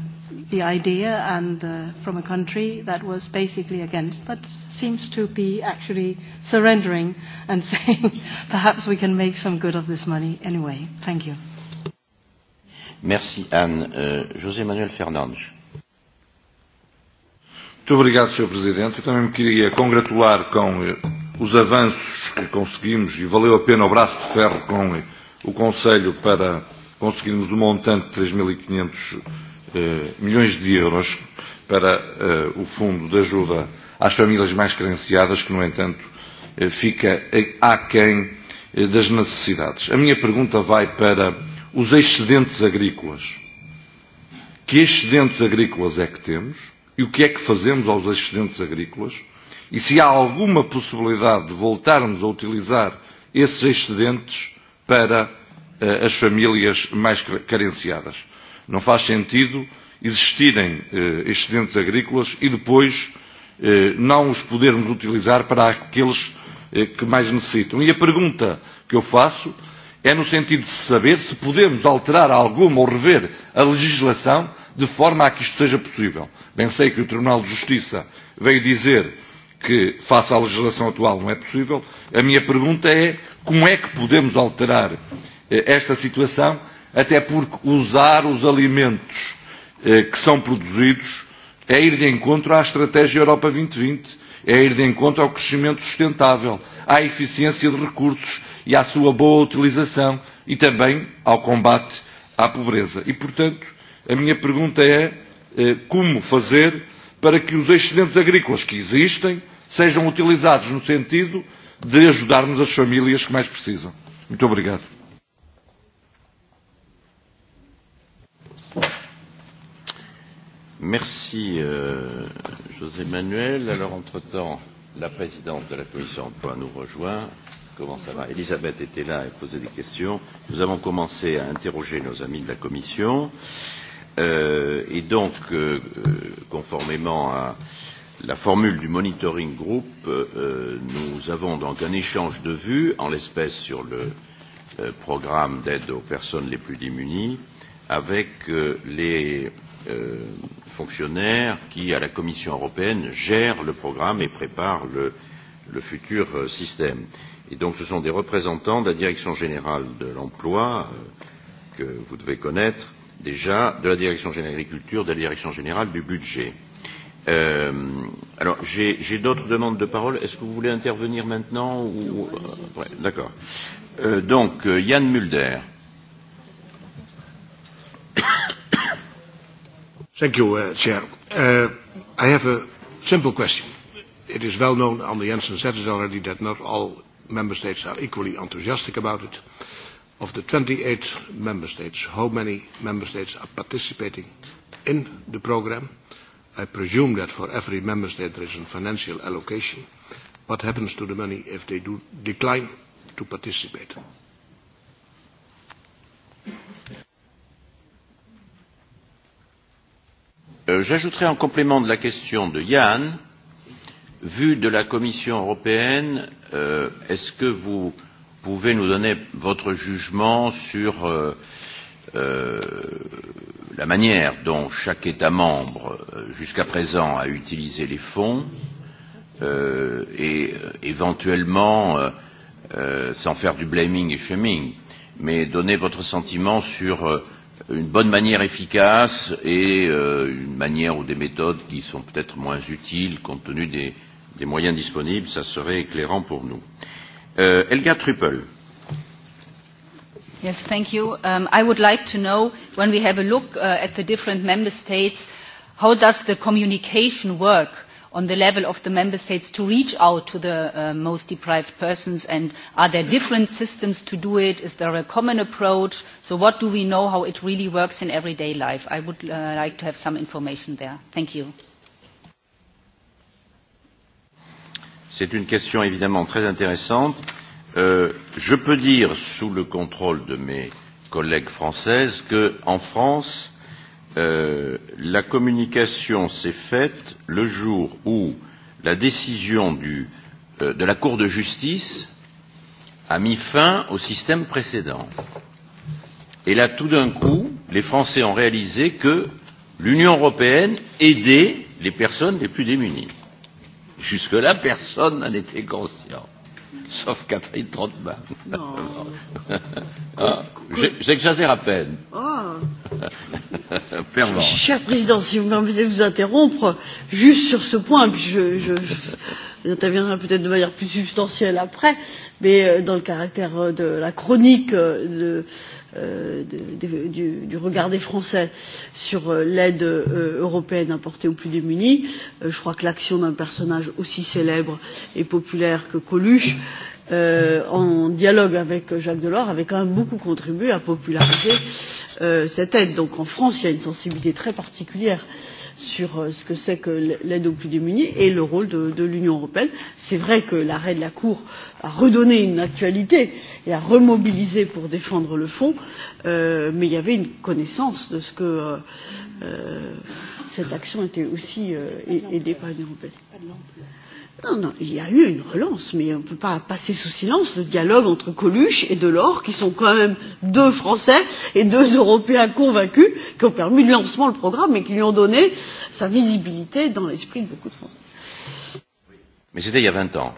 the idea and uh, from a country that was basically against, but seems to be actually surrendering and *laughs* saying perhaps we can make some good of this money anyway. Thank you. Merci Anne. Uh, José Manuel Fernandes. Muito obrigado, Sr. Presidente. Eu também me queria congratular com uh, os avanços que conseguimos e valeu a pena o braço de ferro com uh, o Conselho para conseguirmos o um montante de 3.500 Eh, milhões de euros para eh, o Fundo de Ajuda às Famílias Mais Carenciadas, que, no entanto, eh, fica aquém das necessidades. A minha pergunta vai para os excedentes agrícolas. Que excedentes agrícolas é que temos? E o que é que fazemos aos excedentes agrícolas? E se há alguma possibilidade de voltarmos a utilizar esses excedentes para uh, as famílias mais carenciadas. Não faz sentido existirem eh, excedentes agrícolas e depois eh, não os podermos utilizar para aqueles eh, que mais necessitam. E a pergunta que eu faço é no sentido de saber se podemos alterar alguma ou rever a legislação de forma a que isto seja possível. Bem sei que o Tribunal de Justiça veio dizer que, face à legislação atual, não é possível. A minha pergunta é como é que podemos alterar eh, esta situação até porque usar os alimentos eh, que são produzidos é ir de encontro à Estratégia Europa 2020, e é ir de encontro ao crescimento sustentável, à eficiência de recursos e à sua boa utilização e também ao combate à pobreza. E, portanto, a minha pergunta é eh, como fazer para que os excedentes agrícolas que existem sejam utilizados no sentido de ajudarmos as famílias que mais precisam. Muito obrigado. Merci, euh, José Manuel. Alors, entre-temps, la présidente de la commission emploi nous rejoint. Comment ça va Elisabeth était là et posait des questions. Nous avons commencé à interroger nos amis de la commission. Euh, et donc, euh, euh, conformément à la formule du monitoring group, euh, nous avons donc un échange de vues, en l'espèce sur le euh, programme d'aide aux personnes les plus démunies, avec euh, les euh, fonctionnaire qui, à la Commission européenne, gère le programme et prépare le, le futur euh, système. Et donc ce sont des représentants de la Direction générale de l'emploi, euh, que vous devez connaître déjà, de la Direction générale de l'agriculture, de la Direction générale du budget. Euh, alors, j'ai d'autres demandes de parole. Est-ce que vous voulez intervenir maintenant ou après euh, ouais, D'accord. Euh, donc, euh, Yann Mulder. *coughs* *coughs* Thank you, uh, Chair. Uh, I have a simple question. It is well known, Ander Jensen said it already, that not all member states are equally enthusiastic about it. Of the 28 member states, how many member states are participating in the program? I presume that for every member state there is a financial allocation. What happens to the money if they do decline to participate? Euh, j'ajouterai en complément de la question de Yann, vu de la Commission européenne, euh, est-ce que vous pouvez nous donner votre jugement sur euh, euh, la manière dont chaque État membre, euh, jusqu'à présent, a utilisé les fonds euh, et euh, éventuellement, euh, euh, sans faire du blaming et shaming, mais donner votre sentiment sur euh, une bonne manière efficace et euh, une manière ou des méthodes qui sont peut-être moins utiles compte tenu des, des moyens disponibles, ça serait éclairant pour nous. Euh, Helga Truppel. Yes, thank you. Um, I would like to know, when we have a look uh, at the different member states, how does the communication work? Uh, on the level of the member states to reach out to the uh, most deprived persons and are there different systems to do it? Is there a common approach? So what do we know how it really works in everyday life? I would uh, like to have some information there. Thank you. C'est une question évidemment très intéressante. Euh, je peux dire, sous le contrôle de mes collègues françaises, qu'en France, euh, la communication s'est faite le jour où la décision du, euh, de la Cour de justice a mis fin au système précédent. Et là, tout d'un coup, les Français ont réalisé que l'Union européenne aidait les personnes les plus démunies. Jusque-là, personne n'en était conscient, sauf Catherine Trottmann. Non. *laughs* ah, J'exagère à peine. Oh. *laughs* Cher Président, si vous me permettez de vous interrompre, juste sur ce point, puis je, je, je interviendrai peut-être de manière plus substantielle après, mais euh, dans le caractère euh, de la chronique euh, de, de, de, du, du regard des Français sur l'aide européenne apportée aux plus démunis, je crois que l'action d'un personnage aussi célèbre et populaire que Coluche. Mmh euh, en dialogue avec Jacques Delors, avait quand même beaucoup contribué à populariser euh, cette aide. Donc en France, il y a une sensibilité très particulière sur euh, ce que c'est que l'aide aux plus démunis et le rôle de, de l'Union européenne. C'est vrai que l'arrêt de la Cour a redonné une actualité et a remobilisé pour défendre le fonds, euh, mais il y avait une connaissance de ce que euh, euh, cette action était aussi euh, aidée par l'Union européenne. Pas de Non, non, il y a eu une relance, mais on ne peut pas passer sous silence le dialogue entre Coluche et Delors, qui sont quand même deux Français et deux Européens convaincus, qui ont permis le lancement du programme et qui lui ont donné sa visibilité dans l'esprit de beaucoup de Français. Mais c'était il y a 20 ans.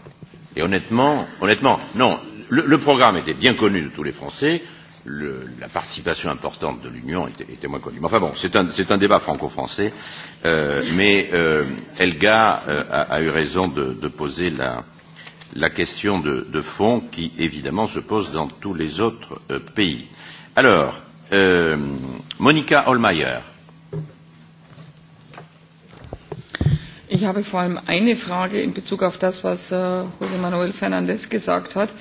Et honnêtement, honnêtement, non, le, le programme était bien connu de tous les Français le, la participation importante de l'Union était, était moins connue. Mais enfin bon, c'est un, un débat franco-français, euh, mais euh, Helga euh, a, a eu raison de, de poser la, la question de, de fond qui, évidemment, se pose dans tous les autres euh, pays. Alors, euh, Monika Hollmeier. Ich habe vor allem eine Frage in Bezug auf das, was äh, José Manuel Fernandez gesagt hat. Äh,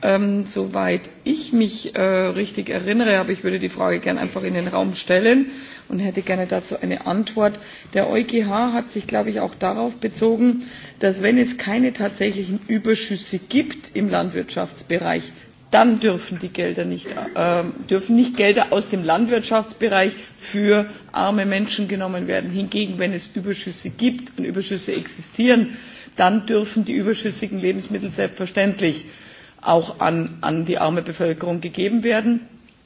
Ähm, soweit ich mich äh, richtig erinnere, aber ich würde die Frage gern einfach in den Raum stellen und hätte gerne dazu eine Antwort. Der EuGH hat sich, glaube ich, auch darauf bezogen, dass wenn es keine tatsächlichen Überschüsse gibt im Landwirtschaftsbereich, dann dürfen die Gelder nicht, äh, dürfen nicht Gelder aus dem Landwirtschaftsbereich für arme Menschen genommen werden. Hingegen, wenn es Überschüsse gibt und Überschüsse existieren, dann dürfen die überschüssigen Lebensmittel selbstverständlich äh, auch an, an die arme Bevölkerung gegeben werden.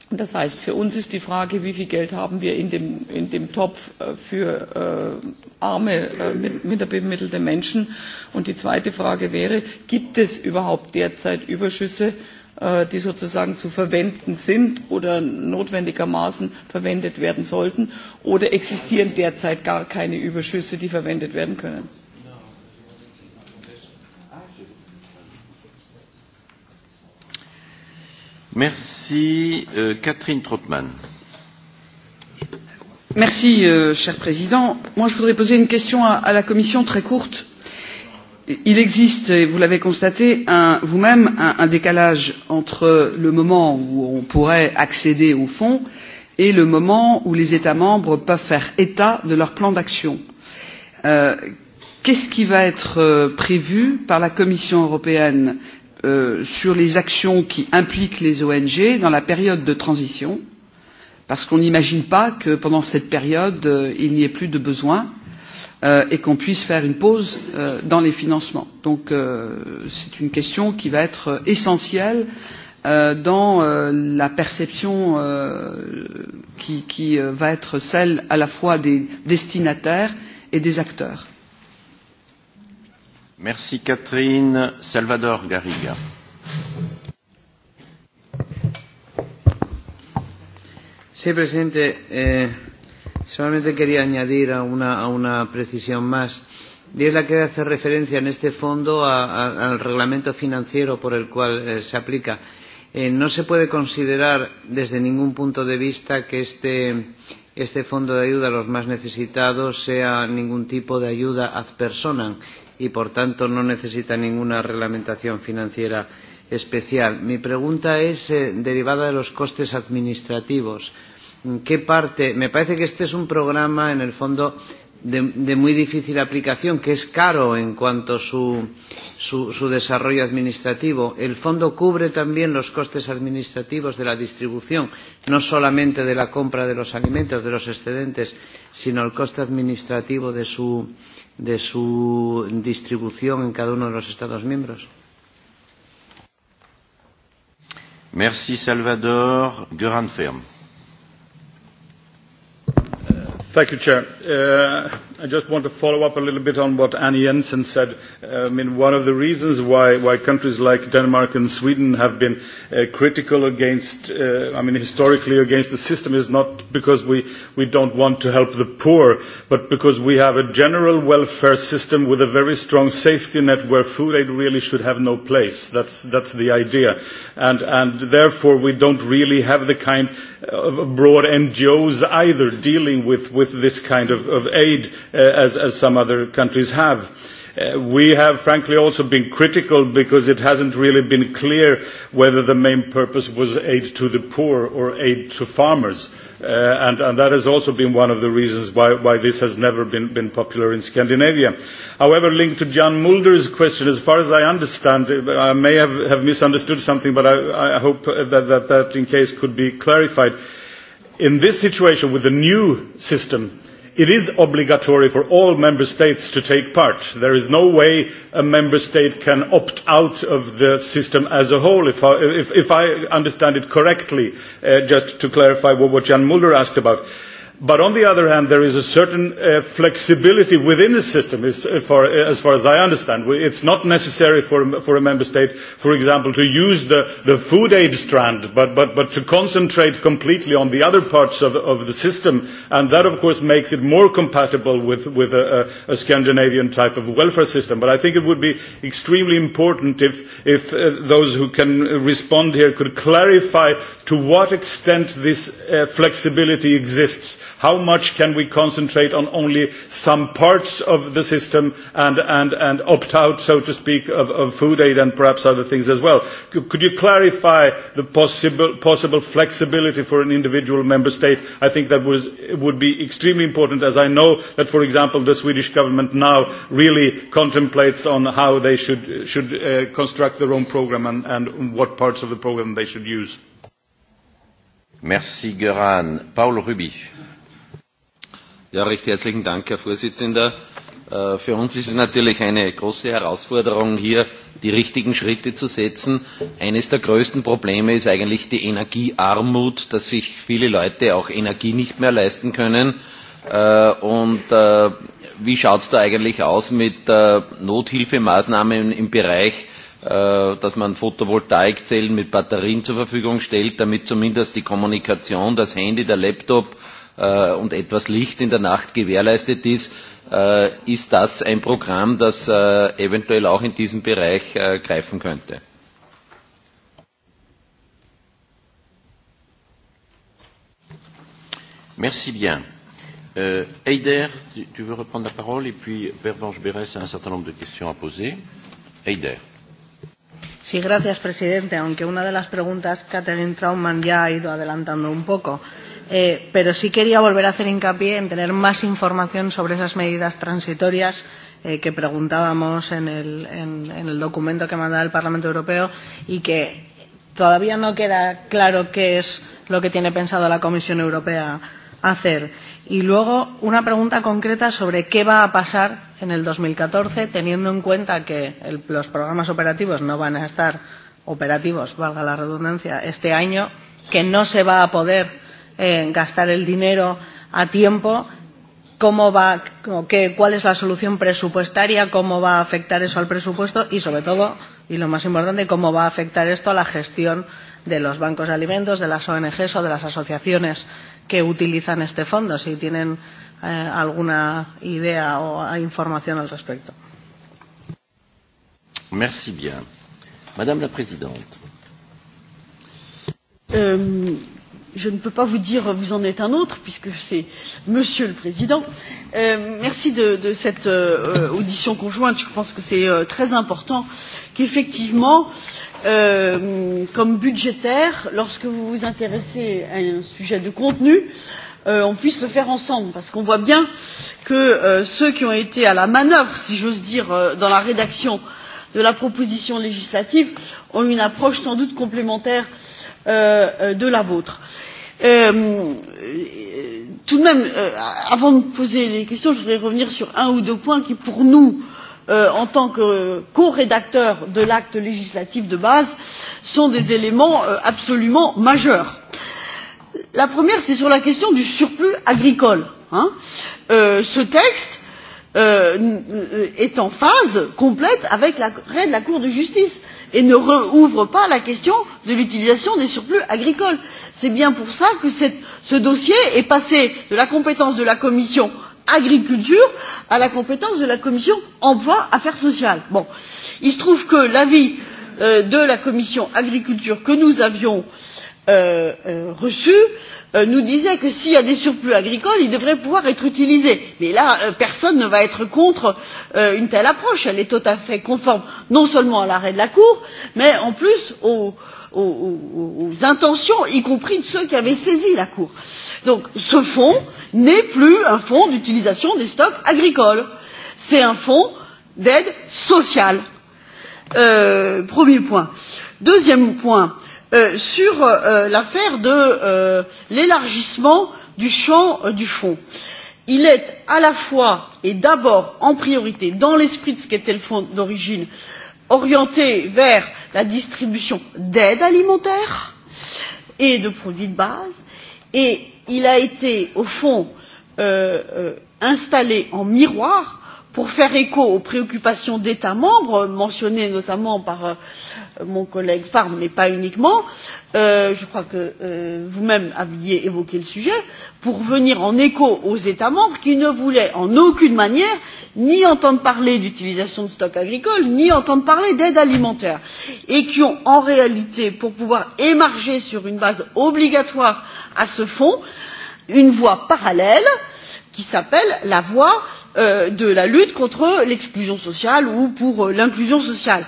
Das heißt, für uns ist die Frage, wie viel Geld haben wir in dem, in dem Topf äh, für äh, arme, äh, minderbemittelte Menschen? Und die zweite Frage wäre, gibt es überhaupt derzeit Überschüsse, äh, die sozusagen zu verwenden sind oder notwendigermaßen verwendet werden sollten? Oder existieren derzeit gar keine Überschüsse, die verwendet werden können? Merci, euh, Catherine Trottmann. Merci, euh, cher Président. Moi, je voudrais poser une question à, à la Commission très courte. Il existe, et vous l'avez constaté vous-même, un, un décalage entre le moment où on pourrait accéder aux fonds et le moment où les États membres peuvent faire état de leur plan d'action. Euh, Qu'est-ce qui va être euh, prévu par la Commission européenne euh, sur les actions qui impliquent les ONG dans la période de transition, parce qu'on n'imagine pas que pendant cette période, euh, il n'y ait plus de besoin euh, et qu'on puisse faire une pause euh, dans les financements. Donc euh, c'est une question qui va être essentielle euh, dans euh, la perception euh, qui, qui euh, va être celle à la fois des destinataires et des acteurs Merci Catherine. Salvador Garriga. Sí, presidente. Eh, solamente quería añadir a una, a una precisión más. Y es la que hace referencia en este fondo a, a, al reglamento financiero por el cual eh, se aplica. Eh, no se puede considerar desde ningún punto de vista que este, este fondo de ayuda a los más necesitados sea ningún tipo de ayuda ad personam, y, por tanto, no necesita ninguna reglamentación financiera especial. Mi pregunta es eh, derivada de los costes administrativos. ¿En qué parte? Me parece que este es un programa, en el fondo, de, de muy difícil aplicación, que es caro en cuanto a su, su, su desarrollo administrativo. El fondo cubre también los costes administrativos de la distribución, no solamente de la compra de los alimentos, de los excedentes, sino el coste administrativo de su, eh, de su distribución en cada uno de los Estados miembros? Merci Salvador. Göran Ferm. Uh, thank you, Chair. Uh, I just want to follow up a little bit on what Annie Jensen said. Uh, I mean, one of the reasons why, why countries like Denmark and Sweden have been uh, critical against, uh, I mean, historically against the system is not because we, we don't want to help the poor, but because we have a general welfare system with a very strong safety net where food aid really should have no place. That's, that's the idea. And, and therefore, we don't really have the kind of broad NGOs either dealing with, with this kind of, of aid uh, as, as some other countries have. Uh, we have frankly also been critical because it hasn't really been clear whether the main purpose was aid to the poor or aid to farmers. Uh, and, and that has also been one of the reasons why, why this has never been, been popular in Scandinavia. However, linked to Jan Mulder's question, as far as I understand, I may have, have misunderstood something, but I, I hope that, that that in case could be clarified. In this situation with the new system it is obligatory for all member states to take part. There is no way a member state can opt out of the system as a whole. If I, if, if I understand it correctly, uh, just to clarify what, what Jan Muller asked about. Uh, But on the other hand, there is a certain uh, flexibility within the system, as uh, far, uh, as far as I understand. It's not necessary for, for a member state, for example, to use the, the food aid strand, but, but, but to concentrate completely on the other parts of, of the system. And that, of course, makes it more compatible with, with a, a Scandinavian type of welfare system. But I think it would be extremely important if, if uh, those who can respond here could clarify to what extent this uh, flexibility exists How much can we concentrate on only some parts of the system and, and, and opt out, so to speak, of, of food aid and perhaps other things as well? Could, could you clarify the possible, possible flexibility for an individual member state? I think that was, would be extremely important as I know that, for example, the Swedish government now really contemplates on how they should, should uh, construct their own program and, and what parts of the program they should use. Merci, Göran. Paul Ruby. Ja, recht herzlichen Dank, Herr Vorsitzender. Äh, für uns ist es natürlich eine große Herausforderung, hier die richtigen Schritte zu setzen. Eines der größten Probleme ist eigentlich die Energiearmut, dass sich viele Leute auch Energie nicht mehr leisten können. Äh, und äh, wie schaut es da eigentlich aus mit Nothilfemaßnahmen im Bereich, dass man Photovoltaikzellen mit Batterien zur Verfügung stellt, damit zumindest die Kommunikation, das Handy, der Laptop äh, und etwas Licht in der Nacht gewährleistet ist, äh, ist das ein Programm, das äh, eventuell auch in diesem Bereich äh, greifen könnte. Merci bien. Euh, Heider, tu, tu veux reprendre la parole et puis Pervenche Berès a un certain nombre de questions à poser. Heider. Sí, gracias, presidente. Aunque una de las preguntas, Catherine Trauman ya ha ido adelantando un poco. Eh, eh, pero sí quería volver a hacer hincapié en tener más información sobre esas medidas transitorias eh, que preguntábamos en el, en, en el documento que mandaba el Parlamento Europeo y que todavía no queda claro qué es lo que tiene pensado la Comisión Europea hacer. Y luego una pregunta concreta sobre qué va a pasar en el 2014, teniendo en cuenta que el, los programas operativos no van a estar operativos, valga la redundancia, este año, que no se va a poder eh, gastar el dinero a tiempo, cómo va, qué, cuál es la solución presupuestaria, cómo va a afectar eso al presupuesto y, sobre todo, y lo más importante, cómo va a afectar esto a la gestión de los bancos de alimentos, de las ONGs o de las asociaciones que utilizan este fondo, si tienen eh, alguna idea o información al respecto. Merci bien. Madame la Présidente. Euh, je ne peux pas vous dire vous en êtes un autre puisque c'est monsieur le président. Euh, merci de, de cette euh, audition conjointe je pense que c'est euh, très important qu'effectivement euh, comme budgétaire lorsque vous vous intéressez à un sujet de contenu euh, on puisse le faire ensemble parce qu'on voit bien que euh, ceux qui ont été à la manœuvre si j'ose dire dans la rédaction de la proposition législative ont une approche sans doute complémentaire de Euh, euh, de la vôtre. Euh, tout de même, euh, avant de poser les questions, je voudrais revenir sur un ou deux points qui, pour nous, euh, en tant que corédacteurs de l'acte législatif de base, sont des éléments euh, absolument majeurs. La première, c'est sur la question du surplus agricole. Hein. Euh, ce texte euh, est en phase complète avec l'arrêt de la Cour de justice. Euh, et ne rouvre pas la question de l'utilisation des surplus agricoles. c'est bien pour cela que ce dossier est passé de la compétence de la commission agriculture à la compétence de la commission emploi et affaires sociales. il se trouve que l'avis euh, de la commission agriculture que nous avions euh, euh, reçu euh, nous disait que s'il y a des surplus agricoles ils devraient pouvoir être utilisés mais là euh, personne ne va être contre euh, une telle approche elle est tout à fait conforme non seulement à l'arrêt de la cour mais en plus aux, aux, aux intentions y compris de ceux qui avaient saisi la cour. donc ce fonds n'est plus un fonds d'utilisation des stocks agricoles c'est un fonds d'aide sociale. Euh, premier point. deuxième point euh, sur euh, l'affaire de euh, l'élargissement du champ euh, du fonds. il est à la fois et d'abord en priorité dans l'esprit de ce qu'était le fonds d'origine orienté vers la distribution d'aide alimentaire et de produits de base et il a été au fond euh, euh, installé en miroir pour faire écho aux préoccupations des états membres mentionnées notamment par euh, mon collègue farm mais pas uniquement euh, je crois que euh, vous même aviez évoqué le sujet pour venir en écho aux états membres qui ne voulaient en aucune manière ni entendre parler d'utilisation de stocks agricoles ni entendre parler d'aide alimentaire et qui ont en réalité pour pouvoir émarger sur une base obligatoire à ce fonds une voie parallèle qui s'appelle la voie Euh, de la lutte contre l'exclusion sociale ou pour euh, l'inclusion sociale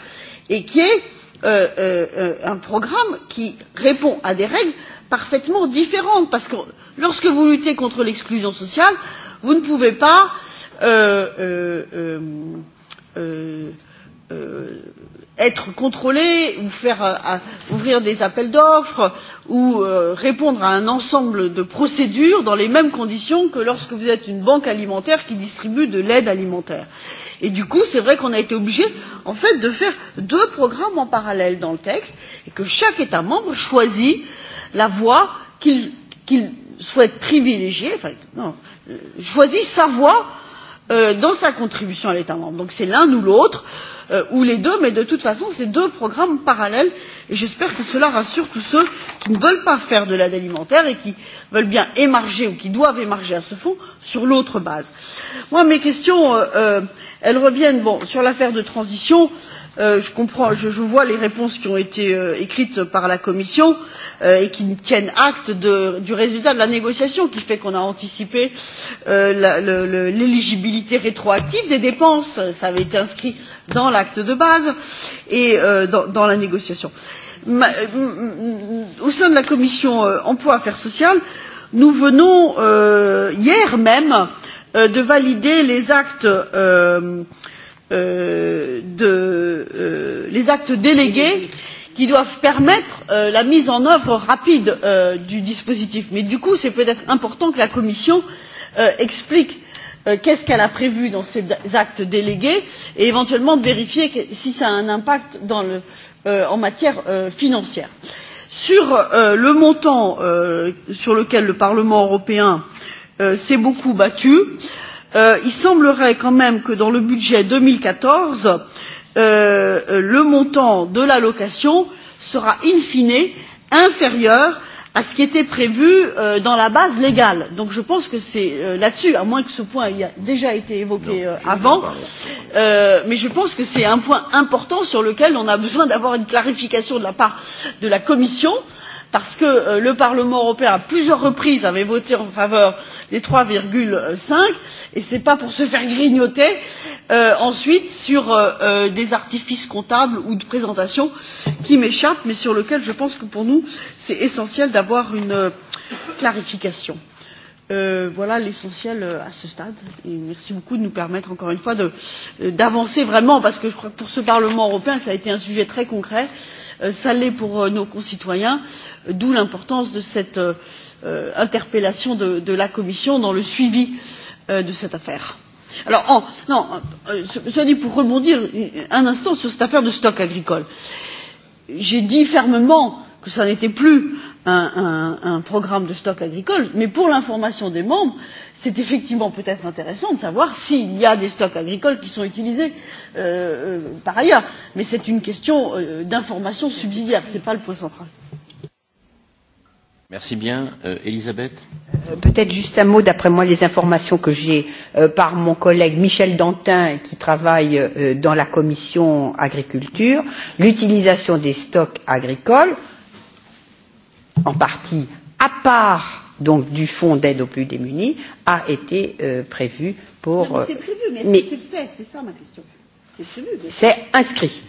et qui est euh, euh, euh, un programme qui répond à des règles parfaitement différentes parce que lorsque vous luttez contre l'exclusion sociale vous ne pouvez pas euh, euh, euh, euh, être contrôlés ou faire, euh, à, ouvrir des appels d'offres ou euh, répondre à un ensemble de procédures dans les mêmes conditions que lorsque vous êtes une banque alimentaire qui distribue de l'aide alimentaire. Et du coup, c'est vrai qu'on a été obligé, en fait, de faire deux programmes en parallèle dans le texte et que chaque État membre choisit la voie qu'il qu souhaite privilégier, enfin, non, euh, choisit sa voie Euh, dans sa contribution à l'état membre. donc c'est l'un ou l'autre euh, ou les deux mais de toute façon c'est deux programmes parallèles et j'espère que cela rassure tous ceux qui ne veulent pas faire de l'aide alimentaire et qui veulent bien émarger ou qui doivent émarger à ce fonds sur l'autre base. Moi, mes questions euh, euh reviennent bon, sur l'affaire de transition Euh, je comprends je, je vois les réponses qui ont été euh, écrites par la commission euh, et qui tiennent acte de, du résultat de la négociation qui fait qu'on a anticipé euh, l'éligibilité rétroactive des dépenses cela avait été inscrit dans l'acte de base et euh, dans, dans la négociation. Ma, euh, au sein de la commission emploi et affaires sociales nous venons hier même de valider les actes euh, de, euh, les actes délégués qui doivent permettre euh, la mise en œuvre rapide euh, du dispositif. mais du coup c'est peut être important que la commission euh, explique euh, qu'est ce qu'elle a prévu dans ces actes délégués et éventuellement de vérifier que, si cela a un impact dans le, euh, en matière euh, financière. sur euh, le montant euh, sur lequel le parlement européen euh, s'est beaucoup battu je Euh, il semblerait quand même que dans le budget deux mille quatorze euh, euh, le montant de l'allocation sera in fine inférieur à ce qui était prévu dans la base légale. donc je pense que c'est là dessus à moins que ce point ait déjà été évoqué non, avant mais je pense que c'est un point important sur lequel on a besoin d'avoir une clarification de la part de la commission et parce que euh, le parlement européen à plusieurs reprises avait voté en faveur des trois cinq et ce n'est pas pour se faire grignoter euh, ensuite sur euh, des artifices comptables ou de présentation qui m'échappent mais sur lesquels je pense que pour nous il est essentiel d'avoir une clarification. Euh, voilà l'essentiel euh, à ce stade. Et merci beaucoup de nous permettre encore une fois euh, d'avancer vraiment, parce que je crois que pour ce Parlement européen, ça a été un sujet très concret. Euh, ça l'est pour euh, nos concitoyens, euh, d'où l'importance de cette euh, euh interpellation de, de la Commission dans le suivi euh, de cette affaire. Alors, en, oh, non, cela dit, pour rebondir un instant sur cette affaire de stock agricole, j'ai dit fermement que ça n'était plus un, un, un programme de stock agricole mais pour l'information des membres c'est effectivement peut être intéressant de savoir s'il y a des stocks agricoles qui sont utilisés euh, euh par ailleurs mais c'est une question euh, d'information subsidiaire ce n'est pas le point central. Merci bien. Euh, Elisabeth euh, Peut-être juste un mot, d'après moi, les informations que j'ai euh, par mon collègue Michel Dantin, qui travaille euh, dans la commission agriculture. L'utilisation des stocks agricoles, euh, en partie à part donc du fonds d'aide aux plus démunis a été euh, prévu pour. Non, mais c'est euh, prévu, mais, mais c'est fait, c'est ça ma question. C'est inscrit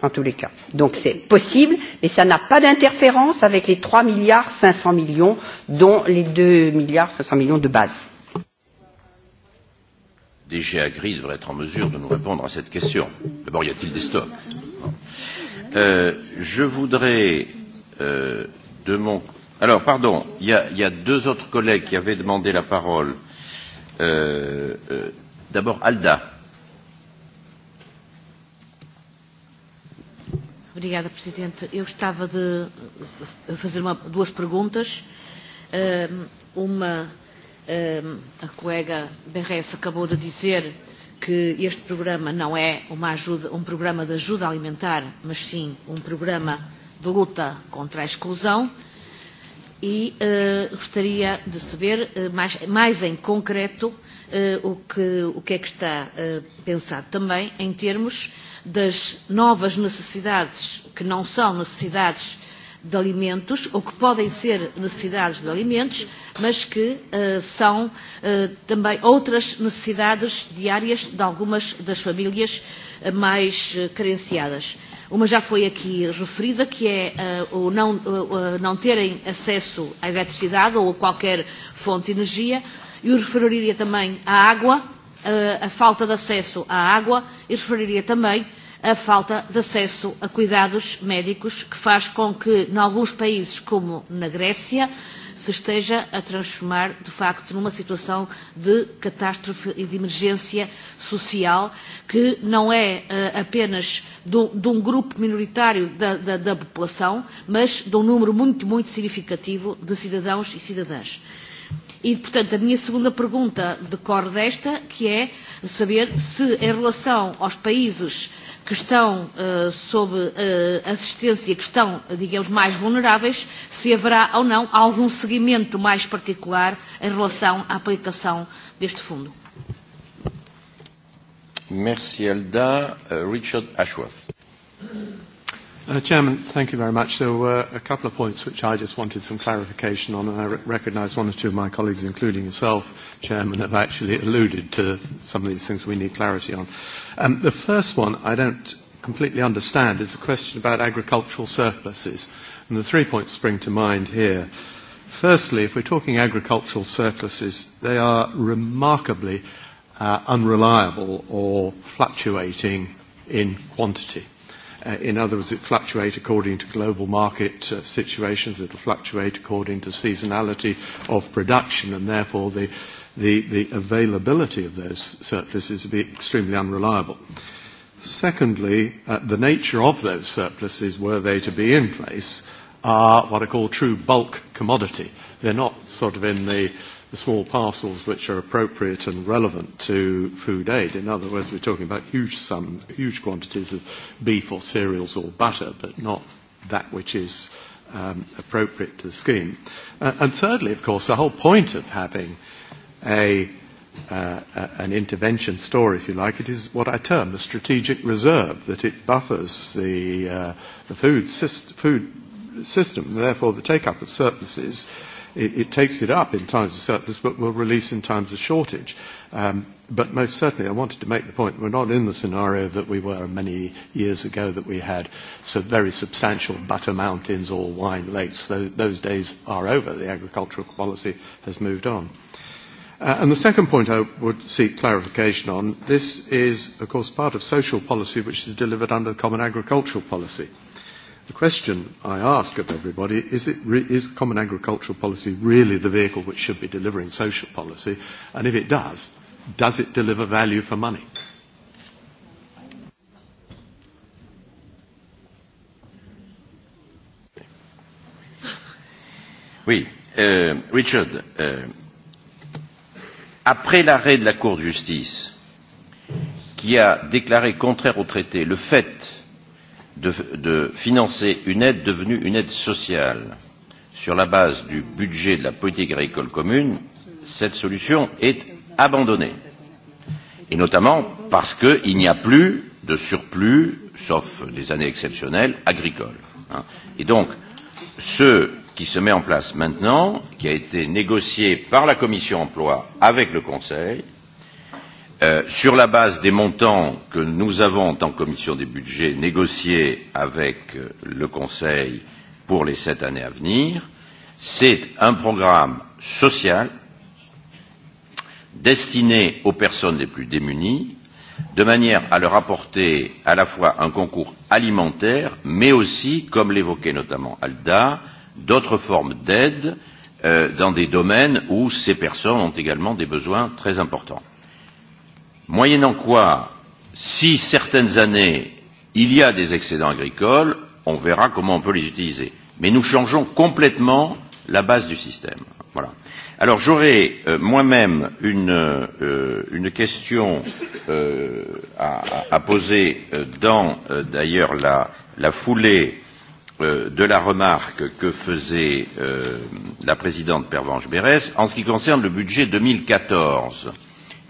en tous les cas. Donc c'est possible et ça n'a pas d'interférence avec les 3 milliards 500 millions dont les 2 milliards 500 millions de base. DG Agri devrait être en mesure de nous répondre à cette question. D'abord, y a-t-il des stocks euh, Je voudrais euh, de mon. Alors, pardon, il y a, y a deux autres collègues qui avaient demandé la parole. Euh, euh, D'abord, Alda. Obrigada, Presidente. Eu gostava de fazer uma, duas perguntas. Um, uma, um, a colega Berres acabou de dizer que este programa não é uma ajuda, um programa de ajuda alimentar, mas sim um programa de luta contra a exclusão e eh, gostaria de saber eh, mais, mais em concreto eh, o, que, o que é que está eh, pensado também em termos das novas necessidades que não são necessidades de alimentos, ou que podem ser necessidades de alimentos, mas que uh, são uh, também outras necessidades diárias de algumas das famílias uh, mais uh, carenciadas. Uh, Uma já foi aqui referida, que é uh, o não, uh, não terem acesso à eletricidade ou a qualquer fonte de energia. Eu referiria também à água, uh, a falta de acesso à água e referiria também a falta de acesso a cuidados médicos, que faz com que, em alguns países, como na Grécia, uh, se esteja a transformar, de facto, numa situação de catástrofe e de emergência social, que não é uh, apenas de, um, de um grupo minoritário da, da, da população, mas de um número muito, muito significativo de cidadãos e cidadãs. Uh, E, portanto, a minha segunda pergunta decorre desta, que é saber se, em relação aos países que estão uh, sob uh, assistência, que estão, digamos, mais vulneráveis, se haverá ou não algum seguimento mais particular em relação à aplicação deste fundo. Merci, Elda. Uh, Richard Ashworth. Uh, Chairman, thank you very much. There so, were uh, a couple of points which I just wanted some clarification on, and I re- recognise one or two of my colleagues, including yourself, Chairman, have actually alluded to some of these things we need clarity on. Um, the first one I don't completely understand is the question about agricultural surpluses, and the three points spring to mind here. Firstly, if we're talking agricultural surpluses, they are remarkably uh, unreliable or fluctuating in quantity. Uh, in other words, it fluctuates according to global market uh, situations. It will fluctuate according to seasonality of production, and therefore the, the, the availability of those surpluses will be extremely unreliable. Secondly, uh, the nature of those surpluses, were they to be in place, are what I call true bulk commodity. They're not sort of in the uh, the small parcels which are appropriate and relevant to food aid. In other words, we're talking about huge sum, huge quantities of beef or cereals or butter, but not that which is um, appropriate to the scheme. Uh, and thirdly, of course, the whole point of having a, uh, a, an intervention store, if you like, it is what I term a strategic reserve, that it buffers the, uh, the food, syst- food system. Therefore, the take-up of surpluses uh, it, it takes it up in times of surplus but will release in times of shortage. Um, but most certainly, I wanted to make the point we're not in the scenario that we were many years ago that we had so very substantial butter mountains or wine lakes. Those, those days are over. The agricultural policy has moved on. Uh, and the second point I would seek clarification on, this is, of course, part of social policy which is delivered under the Common Agricultural Policy. Uh, The question I ask of everybody is, it re- is common agricultural policy really the vehicle which should be delivering social policy? And if it does, does it deliver value for money? Oui, euh, Richard, euh, après l'arrêt de la Cour de justice qui a déclaré contraire au traité le fait de, de financer une aide devenue une aide sociale sur la base du budget de la politique agricole commune, cette solution est abandonnée. Et notamment parce qu'il n'y a plus de surplus, sauf des années exceptionnelles, agricoles. Hein. Et donc, ce qui se met en place maintenant, qui a été négocié par la Commission emploi avec le Conseil, Euh, sur la base des montants que nous avons en tant que commission des budgets négociés avec euh, le Conseil pour les sept années à venir, c'est un programme social destiné aux personnes les plus démunies, de manière à leur apporter à la fois un concours alimentaire, mais aussi, comme l'évoquait notamment Alda, d'autres formes d'aide euh, dans des domaines où ces personnes ont également des besoins très importants moyennant quoi, si certaines années il y a des excédents agricoles, on verra comment on peut les utiliser. Mais nous changeons complètement la base du système. Voilà. Alors j'aurai euh, moi-même une, euh, une question euh, à, à poser euh, dans euh, d'ailleurs la, la foulée euh, de la remarque que faisait euh, la présidente Pervenche Berès en ce qui concerne le budget 2014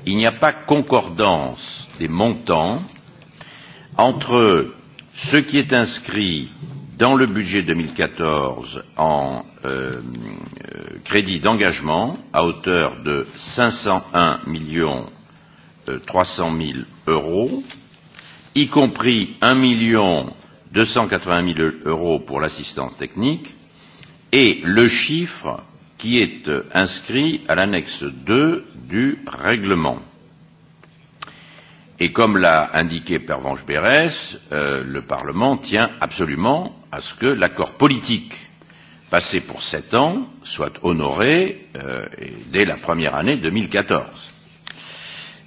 il n'y a pas concordance des montants entre ce qui est inscrit dans le budget 2014 en euh, euh, crédits d'engagement à hauteur de 501 millions euh, 300 000 euros, y compris 1 million 280 000 euros pour l'assistance technique, et le chiffre qui est euh, inscrit à l'annexe 2 du règlement. Et comme l'a indiqué Pervenche Berès, euh, le Parlement tient absolument à ce que l'accord politique passé pour sept ans soit honoré euh, dès la première année 2014.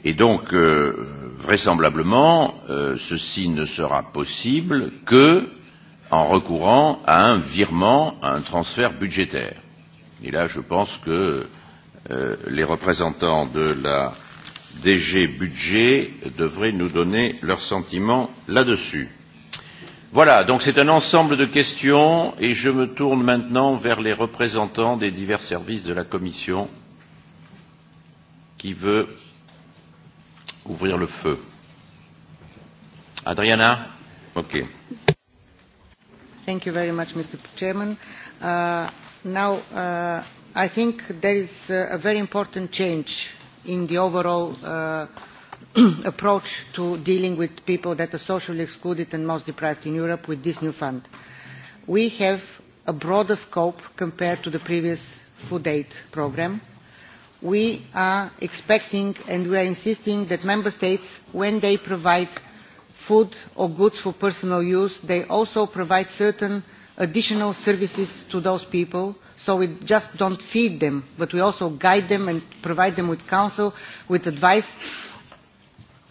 Et donc, euh, vraisemblablement, euh, ceci ne sera possible que en recourant à un virement, à un transfert budgétaire. Et là, je pense que euh, les représentants de la DG Budget devraient nous donner leurs sentiments là-dessus. Voilà, donc c'est un ensemble de questions et je me tourne maintenant vers les représentants des divers services de la Commission qui veut ouvrir le feu. Adriana Okay. Thank you very much, Mr. Chairman. Uh, now, uh, I think there is a very important change in the overall uh, *clears throat* approach to dealing with people that are socially excluded and most deprived in Europe with this new fund. We have a broader scope compared to the previous food aid programme. We are expecting and we are insisting that Member States, when they provide food or goods for personal use, they also provide certain additional services to those people So we just don't feed them, but we also guide them and provide them with counsel, with advice,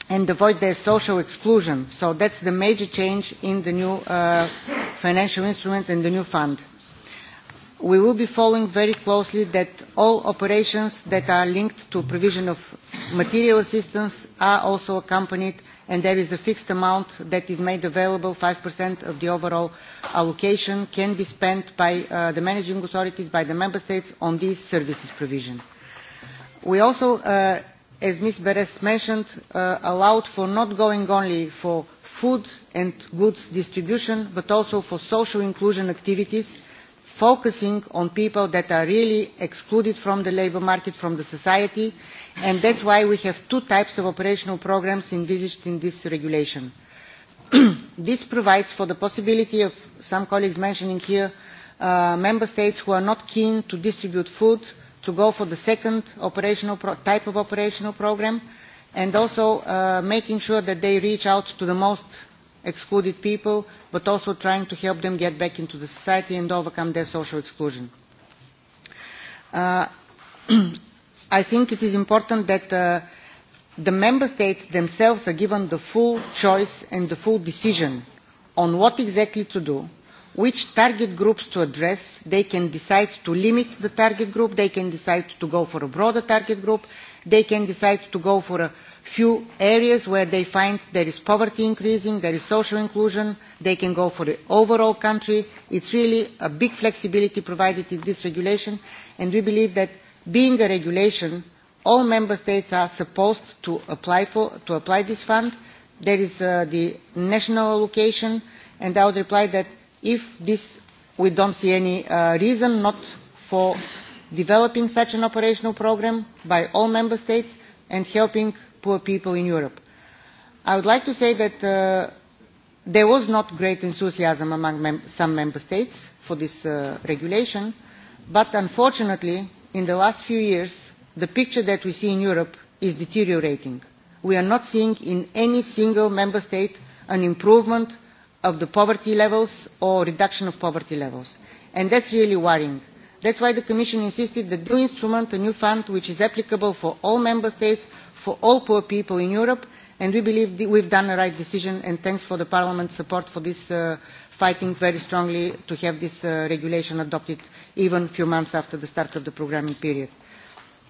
and avoid their social exclusion. So that's the major change in the new uh, financial instrument and the new fund. Uh, we will be following very closely that all operations that are linked to provision of material assistance are also accompanied and there is a fixed amount that is made available, 5% of the overall allocation can be spent by uh, the managing authorities, by the member states on these services provision. We also, uh, as Ms. Beres mentioned, uh, allowed for not going only for food and goods distribution, but also for social inclusion activities focusing on people that are really excluded from the labour market, from the society, and that's why we have two types of operational programs envisaged in this regulation. *clears throat* this provides for the possibility of some colleagues mentioning here uh, member states who are not keen to distribute food to go for the second operational pro type of operational program and also uh, making sure that they reach out to the most excluded people, but also trying to help them get back into the society and overcome their social exclusion. Uh, *clears throat* I think it is important that uh, the member states themselves are given the full choice and the full decision on what exactly to do, which target groups to address. They can decide to limit the target group, they can decide to go for a broader target group, they can decide to go for a few areas where they find there is poverty increasing, there is social inclusion, they can go for the overall country. It's really a big flexibility provided in this regulation, and we believe that being a regulation, all member states are supposed to apply, for, to apply this fund. There is uh, the national allocation, and I would reply that if this, we don't see any uh, reason not for developing such an operational program by all member states and helping poor people in Europe. I would like to say that uh, there was not great enthusiasm among mem some member states for this uh, regulation, but unfortunately, in the last few years, the picture that we see in Europe is deteriorating. We are not seeing in any single member state an improvement of the poverty levels or reduction of poverty levels. And that's really worrying. That's why the Commission insisted that the new instrument, a new fund, which is applicable for all member states for all poor people in Europe, and we believe we have done the right decision, and thanks for the Parliament's support for this uh, fighting very strongly to have this uh, regulation adopted even a few months after the start of the programming period.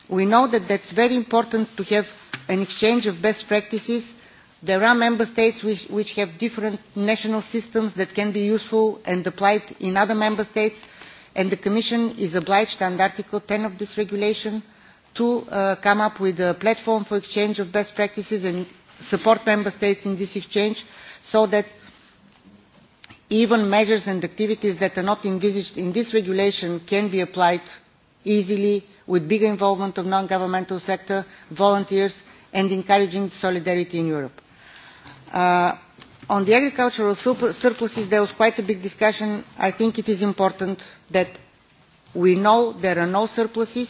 We know that it's very important to have an exchange of best practices. There are member states which, which have different national systems that can be useful and applied in other member states, and the Commission is obliged under Article 10 of this regulation – to uh, come up with a platform for exchange of best practices and support member states in this exchange so that even measures and activities that are not envisaged in this regulation can be applied easily with bigger involvement of non-governmental sector, volunteers and encouraging solidarity in Europe. Uh, on the agricultural surpluses, there was quite a big discussion. I think it is important that we know there are no surpluses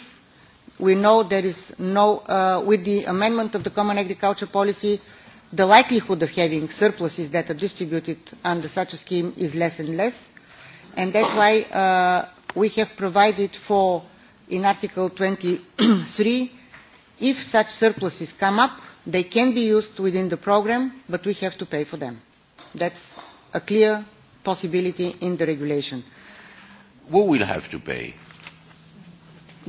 we know there is no, uh, with the amendment of the common agriculture policy, the likelihood of having surpluses that are distributed under such a scheme is less and less. And that's why uh, we have provided for, in Article 23, *clears throat* if such surpluses come up, they can be used within the programme, but we have to pay for them. That's a clear possibility in the regulation. Who will have to pay?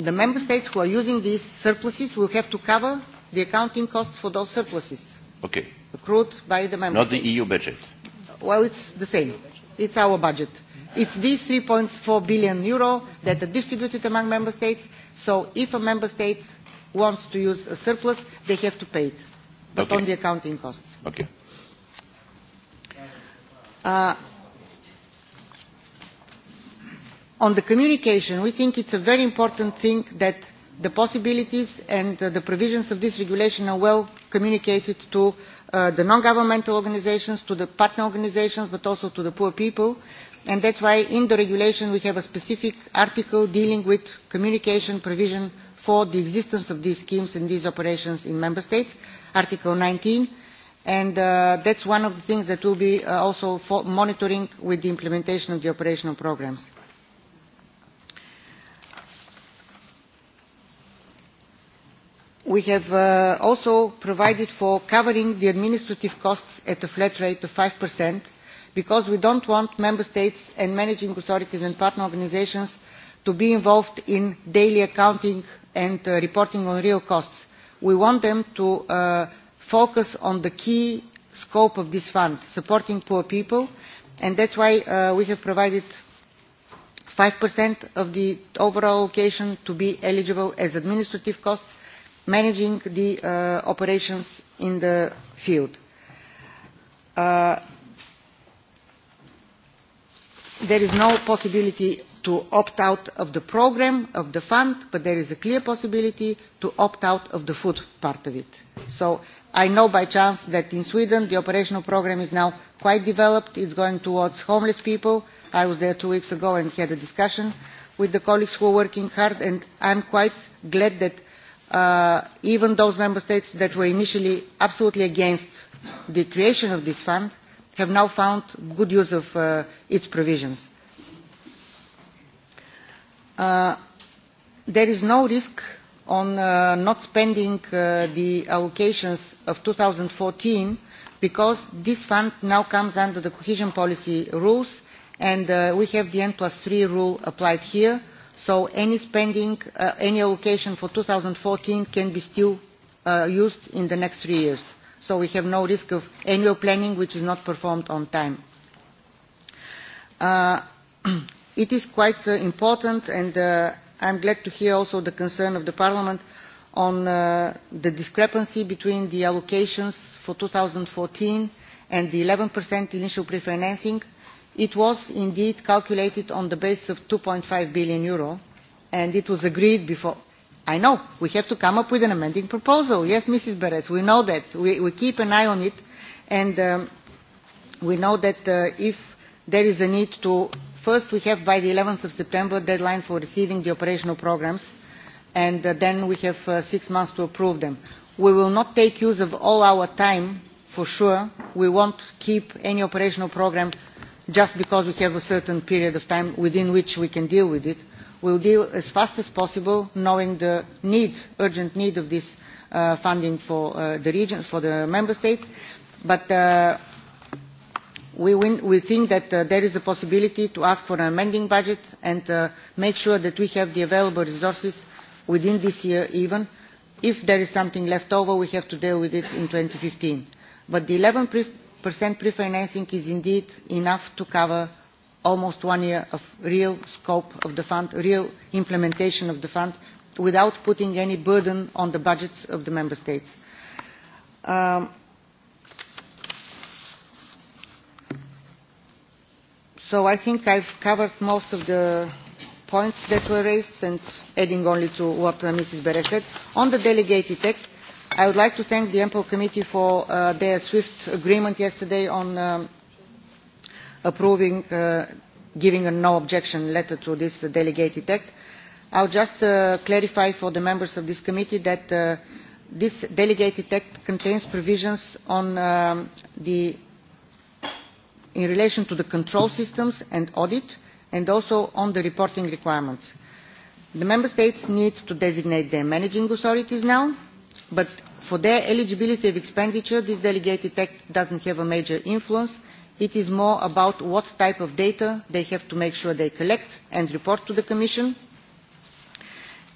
the member states who are using these surpluses will have to cover the accounting costs for those surpluses okay. accrued by the member Not states. the EU e budget. Well, it's the same. It's our budget. It's these 3.4 billion euro that are distributed among member states. So if a member state wants to use a surplus, they have to pay it, but okay. on the accounting costs. Okay. Uh, on the communication we think it is a very important thing that the possibilities and the provisions of this regulation are well communicated to uh, the non governmental organisations to the partner organisations but also to the poor people and that is why in the regulation we have a specific article dealing with communication provision for the existence of these schemes and these operations in member states article nineteen and uh, that is one of the things that we will be uh, also monitoring with the implementation of the operational programmes. we have uh, also provided for covering the administrative costs at a flat rate of 5% because we don't want member states and managing authorities and partner organizations to be involved in daily accounting and uh, reporting on real costs. We want them to uh, focus on the key scope of this fund, supporting poor people, and that's why uh, we have provided 5% of the overall allocation to be eligible as administrative costs managing the uh, operations in the field. Uh, there is no possibility to opt out of the programme of the fund but there is a clear possibility to opt out of the food part of it. so i know by chance that in sweden the operational programme is now quite developed it is going towards homeless people i was there two weeks ago and had a discussion with the colleagues who are working hard and i am quite glad that uh, even those member states that were initially absolutely against the creation of this fund have now found good use of uh, its provisions. Uh, there is no risk on uh, not spending uh, the allocations of 2014 because this fund now comes under the cohesion policy rules and uh, we have the N plus 3 rule applied here uh, so any spending uh, any allocation for two thousand and fourteen can be still uh, used in the next three years so we have no risk of annual planning which is not performed on time. Uh, *clears throat* it is quite uh, important and uh, I'm glad to hear also the concern of the Parliament on uh, the discrepancy between the allocations for 2014 and the 11% initial pre-financing uh, it was indeed calculated on the basis of eur. two five billion Euro, and it was agreed before. I know, we have to come up with an amending proposal. Yes, Mrs. Beres, we know that. We, we keep an eye on it, and um, we know that uh, if there is a need to... First, we have by the 11th of September deadline for receiving the operational programs, and uh, then we have uh, six months to approve them. We will not take use of all our time, for sure. We won't keep any operational program just because we have a certain period of time within which we can deal with it. We will deal as fast as possible, knowing the need, urgent need of this uh, funding for uh, the region, for the member states. But uh, we, win, we think that uh, there is a possibility to ask for an amending budget and uh, make sure that we have the available resources within this year even. If there is something left over, we have to deal with it in 2015. But the 11 50% pre-financing is indeed enough to cover almost one year of real scope of the fund, real implementation of the fund, without putting any burden on the budgets of the member states. Um, so I think I've covered most of the points that were raised and adding only to what Mrs. Beret said. On the delegated act, I would like to thank the EMPL committee for uh, their swift agreement yesterday on um, approving, uh, giving a no objection letter to this uh, delegated act. I'll just uh, clarify for the members of this committee that uh, this delegated act contains provisions on um, the, in relation to the control systems and audit and also on the reporting requirements. The member states need to designate their managing authorities now But for their eligibility of expenditure, this delegated act doesn't have a major influence. It is more about what type of data they have to make sure they collect and report to the Commission.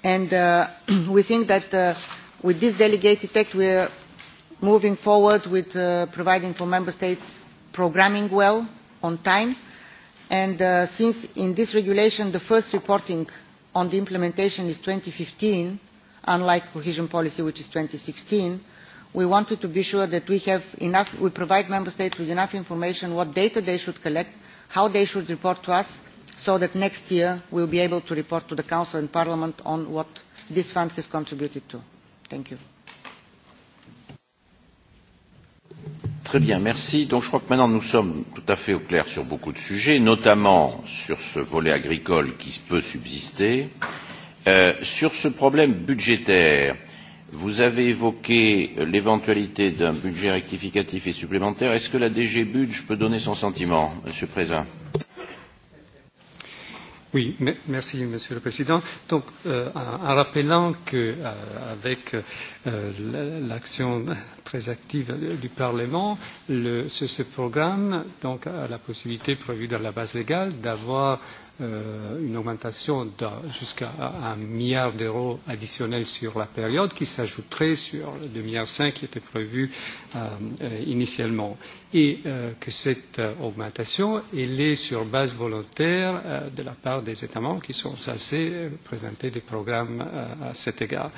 And uh, *clears throat* we think that uh, with this delegated act, we are moving forward with uh, providing for Member States programming well on time. And uh, since in this regulation the first reporting on the implementation is 2015, unlike cohesion policy which is two thousand and sixteen we wanted to be sure that we have enough we provide member states with enough information what data they should collect how they should report to us so that next year we will be able to report to the council and parliament on what this fund has contributed to. thank you. Très bien, merci. Donc je crois que maintenant nous sommes tout à fait au clair sur beaucoup de sujets, notamment sur ce volet agricole qui peut subsister. Euh, Euh, sur ce problème budgétaire, vous avez évoqué l'éventualité d'un budget rectificatif et supplémentaire. Est-ce que la DG Budge peut donner son sentiment, Monsieur Président Oui, merci Monsieur le Président. Donc, euh, en, en rappelant qu'avec euh, euh, l'action très active du Parlement, le, ce, ce programme donc, a la possibilité prévue dans la base légale d'avoir euh, euh, une augmentation de jusqu'à un milliard d'euros additionnels sur la période qui s'ajouterait sur le 2,5 milliards qui était prévu euh, euh initialement et euh, que cette euh, augmentation elle est sur base volontaire euh, de la part des États membres qui sont censés euh, présenter des programmes euh, à cet égard.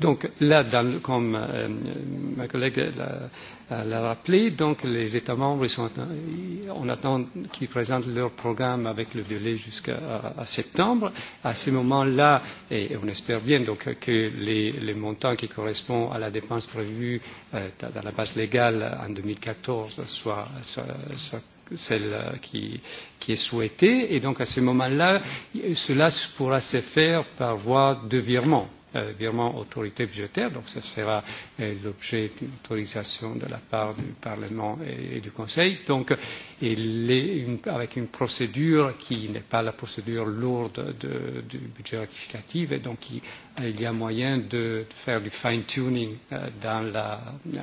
Donc là, dans, comme euh, ma collègue l'a, l'a rappelé, donc les États membres sont, on attend qu'ils présentent leur programme avec le délai jusqu'à à septembre. À ce moment-là, et, et on espère bien donc que les, les montants qui correspondent à la dépense prévue euh, dans la base légale en 2014 soit, soit, soit celle qui, qui est souhaitée. Et donc à ce moment-là, cela pourra se faire par voie de virement euh, virement autorité budgétaire, donc ce sera euh, l'objet d'une autorisation de la part du Parlement et, et du Conseil, donc il est une, avec une procédure qui n'est pas la procédure lourde de, du budget rectificatif, et donc il, il y a moyen de, de faire du fine-tuning euh, dans la euh,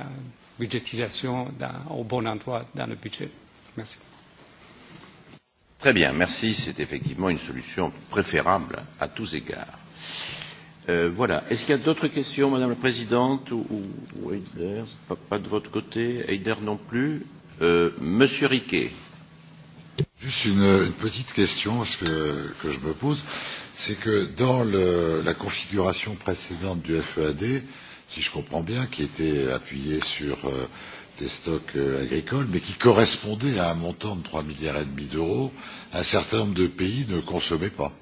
budgétisation dans, au bon endroit dans le budget. Merci. Très bien, merci. C'est effectivement une solution préférable à tous égards. Euh, voilà. Est-ce qu'il y a d'autres questions, Madame la Présidente ou, ou Heider pas, pas de votre côté, Heider non plus. Euh, Monsieur Riquet. Juste une, une petite question parce que, que je me pose, c'est que dans le, la configuration précédente du FEAD, euh, si je comprends bien, qui était appuyé sur euh, les stocks euh, agricoles, mais qui correspondait à un montant de 3 milliards et demi d'euros, un certain nombre de pays ne consommaient pas.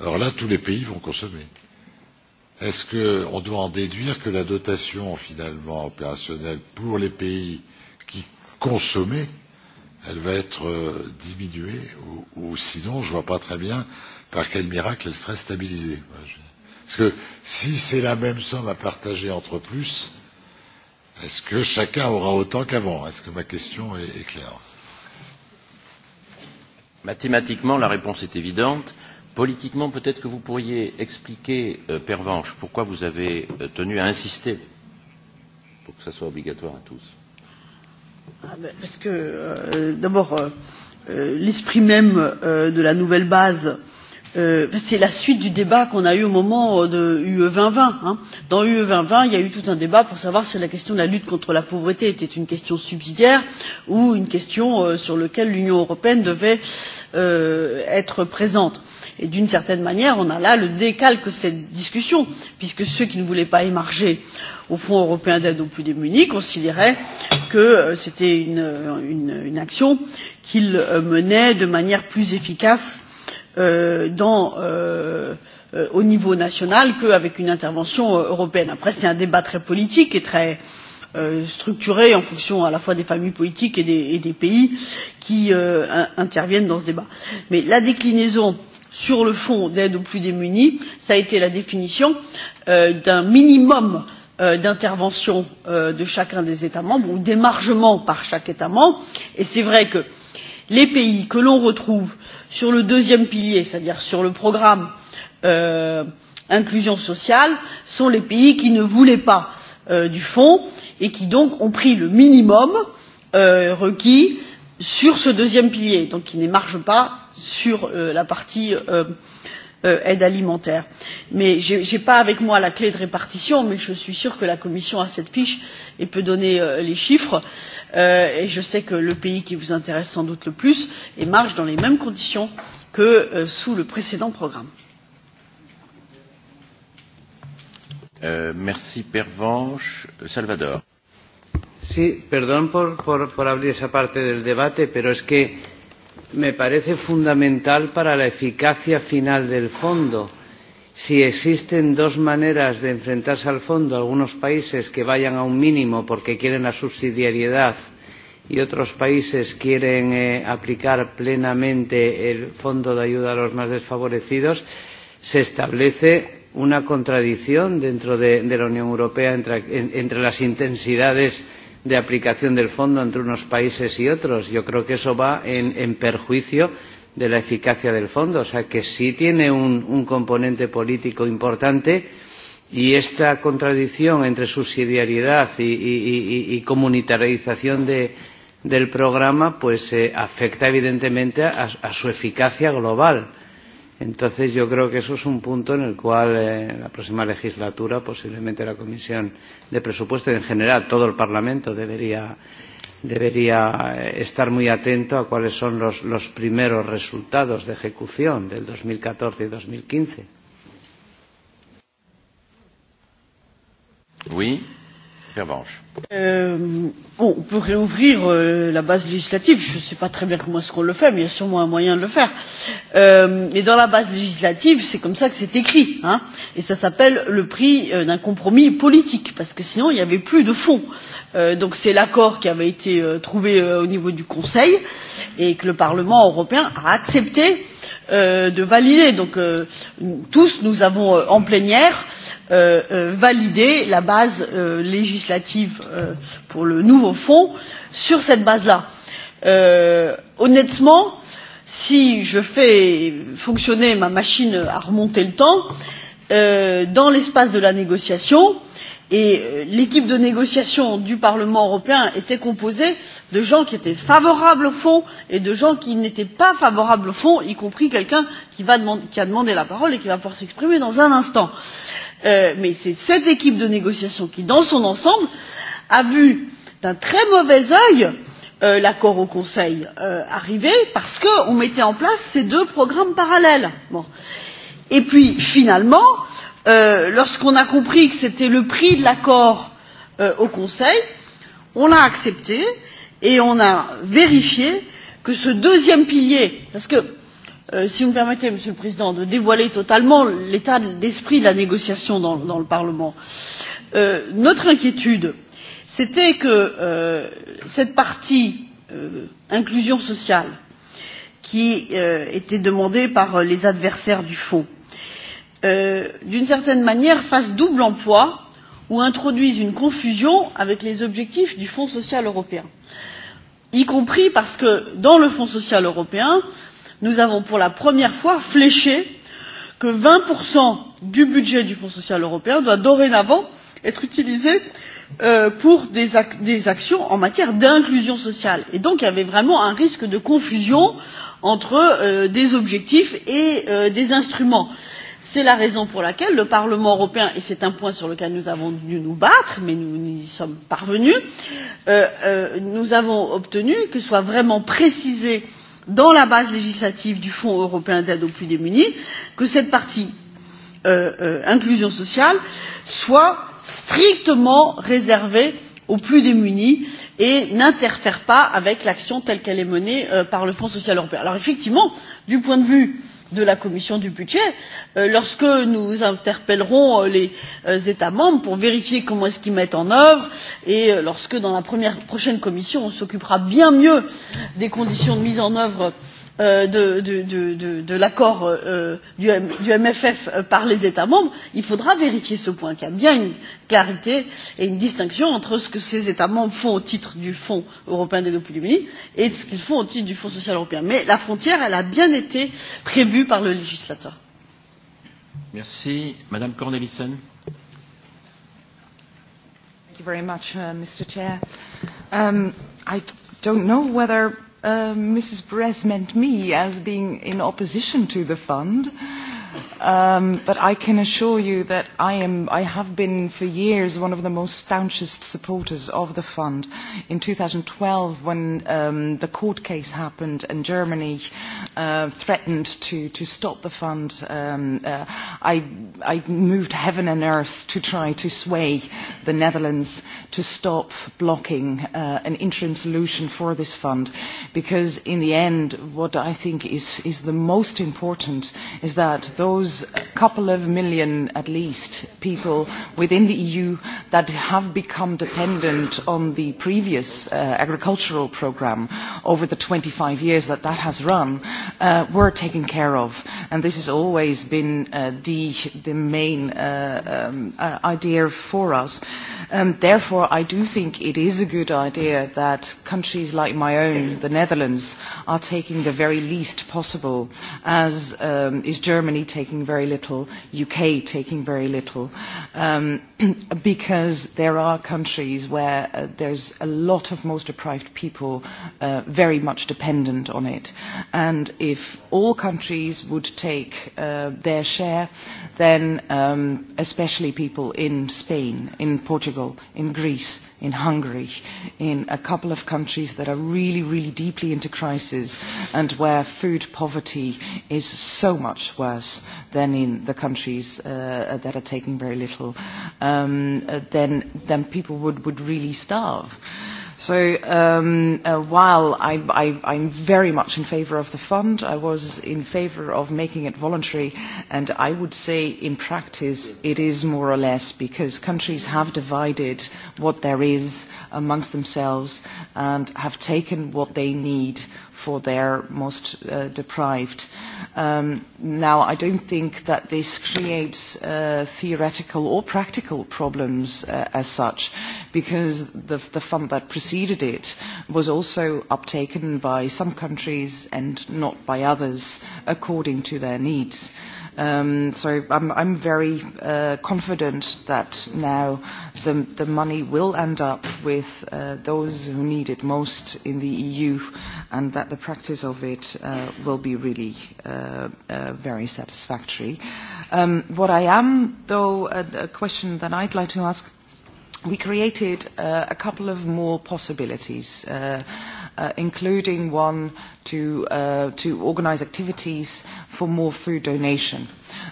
Alors là, tous les pays vont consommer. Est-ce qu'on doit en déduire que la dotation finalement opérationnelle pour les pays qui consommaient, elle va être euh, diminuée ou, ou sinon, je ne vois pas très bien par quel miracle elle serait stabilisée. Moi, je Parce que si c'est la même somme à partager entre plus, est-ce que chacun aura autant qu'avant Est-ce que ma question est, est claire Mathématiquement, la réponse est évidente. Politiquement, peut-être que vous pourriez expliquer, euh, Pervenche, pourquoi vous avez euh, tenu à insister pour que ça soit obligatoire à tous. Ah ben, parce que, euh, d'abord, euh, euh l'esprit même euh, de la nouvelle base euh, Euh, c'est la suite du débat qu'on a eu au moment euh, de UE 2020. Hein. Dans UE 2020, il y a eu tout un débat pour savoir si la question de la lutte contre la pauvreté était une question subsidiaire ou une question euh, sur laquelle l'Union européenne devait euh, être présente. Et d'une certaine manière, on a là le décalque de cette discussion, puisque ceux qui ne voulaient pas émarger au Fonds européen d'aide aux plus démunis considéraient que euh, c'était une, une, une action qu'ils euh, menaient de manière plus efficace euh, dans, euh, euh, au niveau national qu'avec une intervention euh, européenne. après c'est un débat très politique et très euh, structuré en fonction à la fois des familles politiques et des, et des pays qui euh, interviennent dans ce débat. mais la déclinaison sur le fonds d'aide aux plus démunis a été la définition euh, d'un minimum euh, d'intervention euh, de chacun des états membres ou d'émargement par chaque état membre et c'est vrai que les pays que l'on retrouve sur le deuxième pilier c'est à dire sur le programme euh, inclusion sociale sont les pays qui ne voulaient pas euh, du fonds et qui donc ont pris le minimum euh, requis sur ce deuxième pilier donc qui n'émarge pas sur euh, la partie euh, Euh, aide alimentaire. je n'ai pas avec moi la clé de répartition mais je suis sûre que la commission a cette fiche et peut donner euh, les chiffres euh, et je sais que le pays qui vous intéresse sans doute le plus marche dans les mêmes conditions que euh, sous le précédent programme. Euh, merci Pervenche. Salvador. Sí, perdón por, por, por abrir esa parte del debate, pero es que me parece fundamental para la eficacia final del fondo. Si existen dos maneras de enfrentarse al fondo, algunos países que vayan a un mínimo porque quieren la subsidiariedad y otros países quieren eh, aplicar plenamente el fondo de ayuda a los más desfavorecidos, se establece una contradicción dentro de, de la Unión Europea entre, en, entre las intensidades de aplicación del fondo entre unos países y otros. Yo creo que eso va en, en perjuicio de la eficacia del fondo. O sea que sí tiene un, un componente político importante y esta contradicción entre subsidiariedad y, y, y, y comunitarización de, del programa pues eh, afecta evidentemente a, a su eficacia global Entonces yo creo que eso es un punto en el cual eh, la próxima legislatura, posiblemente la Comisión de Presupuesto y en general todo el Parlamento debería, debería eh, estar muy atento a cuáles son los, los primeros resultados de ejecución del 2014 y 2015. Oui. Revanche. Euh, bon, on peut réouvrir euh, la base législative. Je ne sais pas très bien comment est-ce qu'on le fait, mais il y a sûrement un moyen de le faire. Euh, mais dans la base législative, c'est comme ça que c'est écrit. Hein, et ça s'appelle le prix euh, d'un compromis politique, parce que sinon, il n'y avait plus de fonds. Euh, donc c'est l'accord qui avait été euh, trouvé euh, au niveau du Conseil et que le Parlement européen a accepté euh, de valider. Donc euh, nous, tous, nous avons euh, en plénière euh, Euh, euh, valider la base euh, législative pour le nouveau fonds sur cette base là. honnêtement si je fais fonctionner ma machine à remonter le temps dans l'espace de la négociation et l'équipe de négociation du parlement européen était composée de gens qui étaient favorables au fonds et de gens qui n'étaient pas favorables au fonds y compris quelqu'un qui, qui a demandé la parole et qui va pouvoir s'exprimer dans un instant euh, mais c'est cette équipe de négociation qui dans son ensemble a vu d'un très mauvais œil euh, l'accord au conseil euh, arriver parce qu'on mettait en place ces deux programmes parallèles. Bon. et puis finalement euh, lorsqu'on a compris que c'était le prix de l'accord euh, au conseil on l'a accepté et on a vérifié que ce deuxième pilier parce que Euh, si vous me permettez monsieur le président de dévoiler totalement l'état d'esprit de la négociation dans, dans le parlement euh, notre inquiétude c'était que euh, cette partie euh, inclusion sociale qui euh, était demandée par euh, les adversaires du fonds d'une certaine manière fasse double emploi ou introduise une confusion avec les objectifs du fonds social européen y compris parce que dans le fonds social européen nous nous avons pour la première fois fléché que vingt du budget du fonds social européen doit dorénavant être utilisé euh, pour des, ac des actions en matière d'inclusion sociale et donc il y avait vraiment un risque de confusion entre euh, des objectifs et euh, des instruments. c'est la raison pour laquelle le parlement européen et c'est un point sur lequel nous avons dû nous battre mais nous y sommes parvenus euh, euh, nous avons obtenu que soient vraiment précisées dans la base législative du fonds européen d'aide aux plus démunis que cette partie euh, euh, inclusion sociale soit strictement réservée aux plus démunis et n'interfère pas avec l'action telle qu'elle est menée euh, par le fonds social européen. alors effectivement du point de vue euh, de la commission des budgets euh, lorsque nous interpellerons euh, les euh, états membres pour vérifier comment ils mettent en œuvre et lorsque dans la prochaine commission on s'occupera bien mieux des conditions de mise en œuvre Euh, de, de, de, de l'accord euh, du, du MFF euh, par les États membres, il faudra vérifier ce point, qu'il y a bien une clarté et une distinction entre ce que ces États membres font au titre du Fonds européen d'aide aux plus démunis et ce qu'ils font au titre du Fonds social européen. Mais la frontière, elle a bien été prévue par le législateur. Merci. Madame Cornelissen. Thank you very much, uh, Mr. Chair. Um, I don't know whether uh, Mrs. Bress meant me as being in opposition to the fund. Uh, Um, but I can assure you that I, am, I have been for years one of the most staunchest supporters of the fund. In 2012, when um, the court case happened and Germany uh, threatened to, to stop the fund, um, uh, I, I moved heaven and earth to try to sway the Netherlands to stop blocking uh, an interim solution for this fund. Because in the end, what I think is, is the most important is that those those couple of million, at least, people within the EU that have become dependent on the previous uh, agricultural programme over the 25 years that that has run uh, were taken care of. And this has always been uh, the, the main uh, um, uh, idea for us. Uh, Um, therefore, I do think it is a good idea that countries like my own, the Netherlands, are taking the very least possible, as um, is Germany taking very little, UK taking very little, um, *clears throat* because there are countries where uh, there's a lot of most deprived people uh, very much dependent on it. And if all countries would take uh, their share, then um, especially people in Spain, in Portugal, Portugal, in Greece, in Hungary, in a couple of countries that are really, really deeply into crisis and where food poverty is so much worse than in the countries uh, that are taking very little, um, uh, then, then people would, would really starve. Uh, So um, uh, while I, I, I'm very much in favour of the fund, I was in favour of making it voluntary, and I would say in practice it is more or less because countries have divided what there is amongst themselves and have taken what they need for their most uh, deprived. Um, now, I don't think that this creates uh, theoretical or practical problems uh, as such, because the, the fund that preceded it was also uptaken by some countries and not by others according to their needs. Uh, Um, so I'm, I'm very uh, confident that now the, the money will end up with uh, those who need it most in the EU and that the practice of it uh, will be really uh, uh, very satisfactory. Um, what I am, though, a, a question that I'd like to ask we created uh, a couple of more possibilities, uh, uh, including one to, uh, to organize activities for more food donation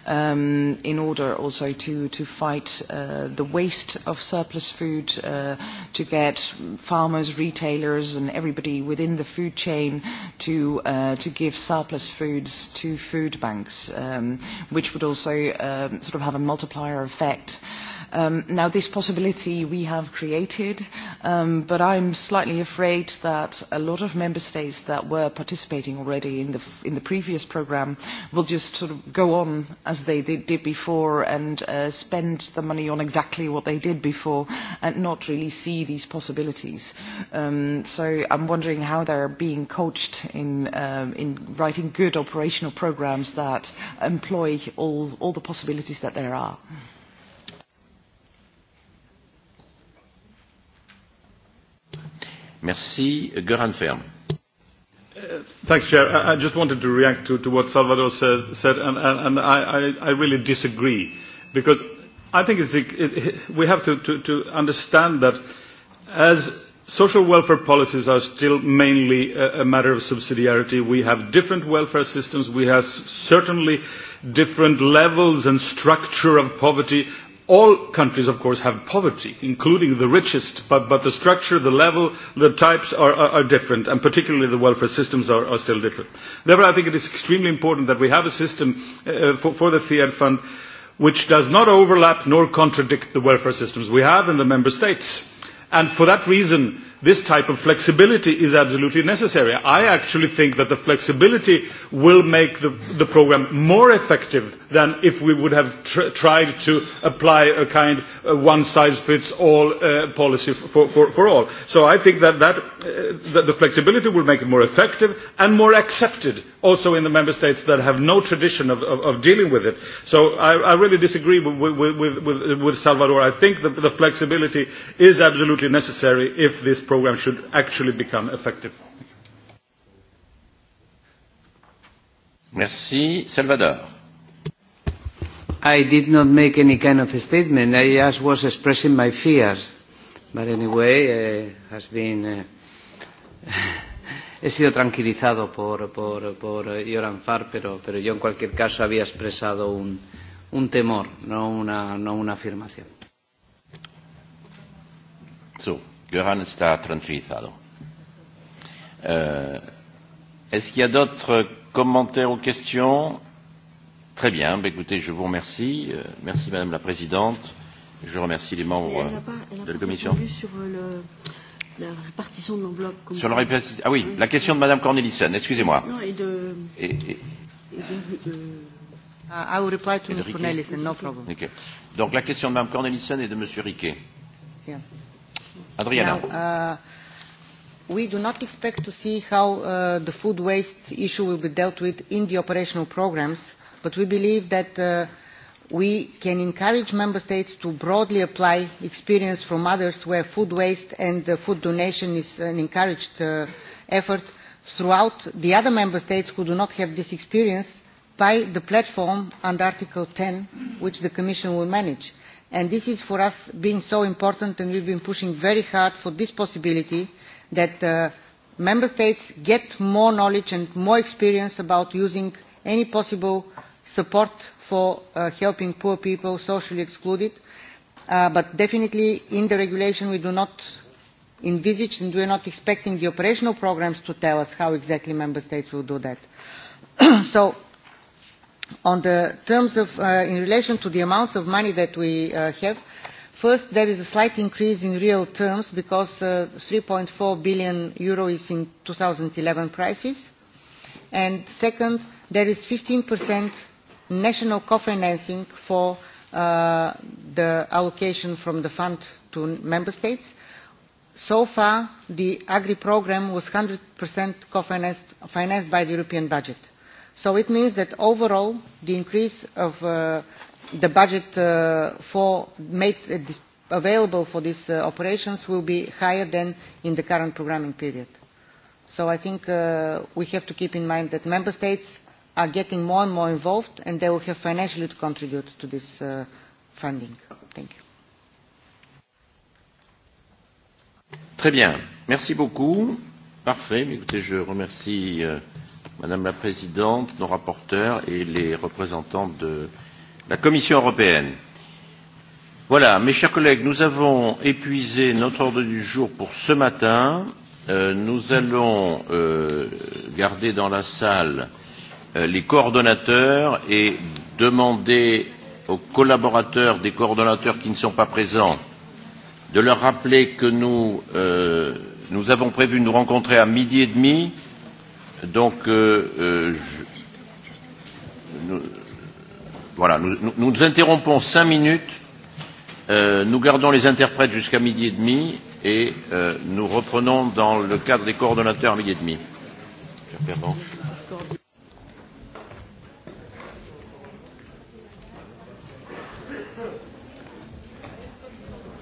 um, in order also to, to fight uh, the waste of surplus food, uh, to get farmers, retailers and everybody within the food chain to, uh, to give surplus foods to food banks, um, which would also um, sort of have a multiplier effect. Uh, Um, now, this possibility we have created, um, but I'm slightly afraid that a lot of member states that were participating already in the, in the previous program will just sort of go on as they, they did before and uh, spend the money on exactly what they did before and not really see these possibilities. Um, so I'm wondering how they're being coached in, um, in writing good operational programs that employ all, all the possibilities that there are. Mm. Merci. Göran Ferm. Uh, thanks, Chair. I, I just wanted to react to, to what Salvador said, said and, and, and I, I, I really disagree because I think it's, it, it, we have to, to, to understand that as social welfare policies are still mainly a, a matter of subsidiarity, we have different welfare systems, we have certainly different levels and structure of poverty all countries, of course, have poverty, including the richest, but, but the structure, the level, the types are, are, are different, and particularly the welfare systems are, are still different. Therefore, I think it is extremely important that we have a system uh, for, for the Fiat Fund which does not overlap nor contradict the welfare systems we have in the member states. And for that reason, this type of flexibility is absolutely necessary. I actually think that the flexibility will make the, the program more effective than if we would have tr tried to apply a kind uh, one-size-fits-all uh, policy for, for, for all. So I think that, that, uh, that the flexibility will make it more effective and more accepted also in the member states that have no tradition of, of, of dealing with it. So I, I really disagree with, with, with, with, with Salvador. I think that the flexibility is absolutely necessary if this program should actually become effective. Merci. Salvador. I did not make any kind of a statement. I just was expressing my fears. But anyway, uh, has been, uh, *laughs* he sido tranquilizado por, por, por Joran Farr, pero, pero yo en cualquier caso había expresado un, un temor, no una, no una afirmación. Göran está tranquilizado. Euh, Est-ce qu'il y a d'autres commentaires ou questions Très bien. Bah, écoutez, je vous remercie. Euh, merci, Madame la Présidente. Je remercie les membres elle a pas, elle a euh, de la Commission. Sur le, la répartition de l'enveloppe. Sur la répartition. Ah oui, oui, la question de Madame Cornelissen. Excusez-moi. Non, et de. Et, et... Et de, de... Uh, I will reply to Ms. Cornelissen, no problem. Okay. Donc la question de Mme Cornelissen et de M. Riquet. Yeah. Adriana. Now, uh, we do not expect to see how uh, the food waste issue will be dealt with in the operational programs, but we believe that uh, we can encourage member states to broadly apply experience from others where food waste and uh, food donation is an encouraged uh, effort throughout the other member states who do not have this experience by the platform under Article 10, which the Commission will manage. Uh, and this has for us been so important and we have been pushing very hard for this possibility that uh, member states get more knowledge and more experience about using any possible support for uh, helping poor people socially excluded uh, but definitely in the regulation we do not envisage and we are not expecting the operational programmes to tell us how exactly member states will do that. *clears throat* so on the terms of, uh, in relation to the amounts of money that we uh, have, first there is a slight increase in real terms because uh, 3.4 billion euro is in 2011 prices. And second, there is 15% national co-financing for uh, the allocation from the fund to member states. So far, the agri program was 100% co-financed financed by the European budget. Uh, so it means that overall the increase of uh, the budget uh, for made uh, available for these uh, operations will be higher than in the current programming period. So I think uh, we have to keep in mind that member states are getting more and more involved and they will have financially to contribute to this uh, funding. Thank you. Très bien. Merci beaucoup. Parfait. Écoutez, je remercie euh, Madame la Présidente, nos rapporteurs et les représentants de la Commission européenne. Voilà, mes chers collègues, nous avons épuisé notre ordre du jour pour ce matin. Euh, nous allons euh, garder dans la salle euh, les coordonnateurs et demander aux collaborateurs des coordonnateurs qui ne sont pas présents de leur rappeler que nous, euh, nous avons prévu de nous rencontrer à midi et demi Donc, euh, euh, je, nous, voilà, nous, nous, nous interrompons cinq minutes. Euh, nous gardons les interprètes jusqu'à midi et demi et euh, nous reprenons dans le cadre des coordonnateurs à midi et demi. Pierre Pervenche.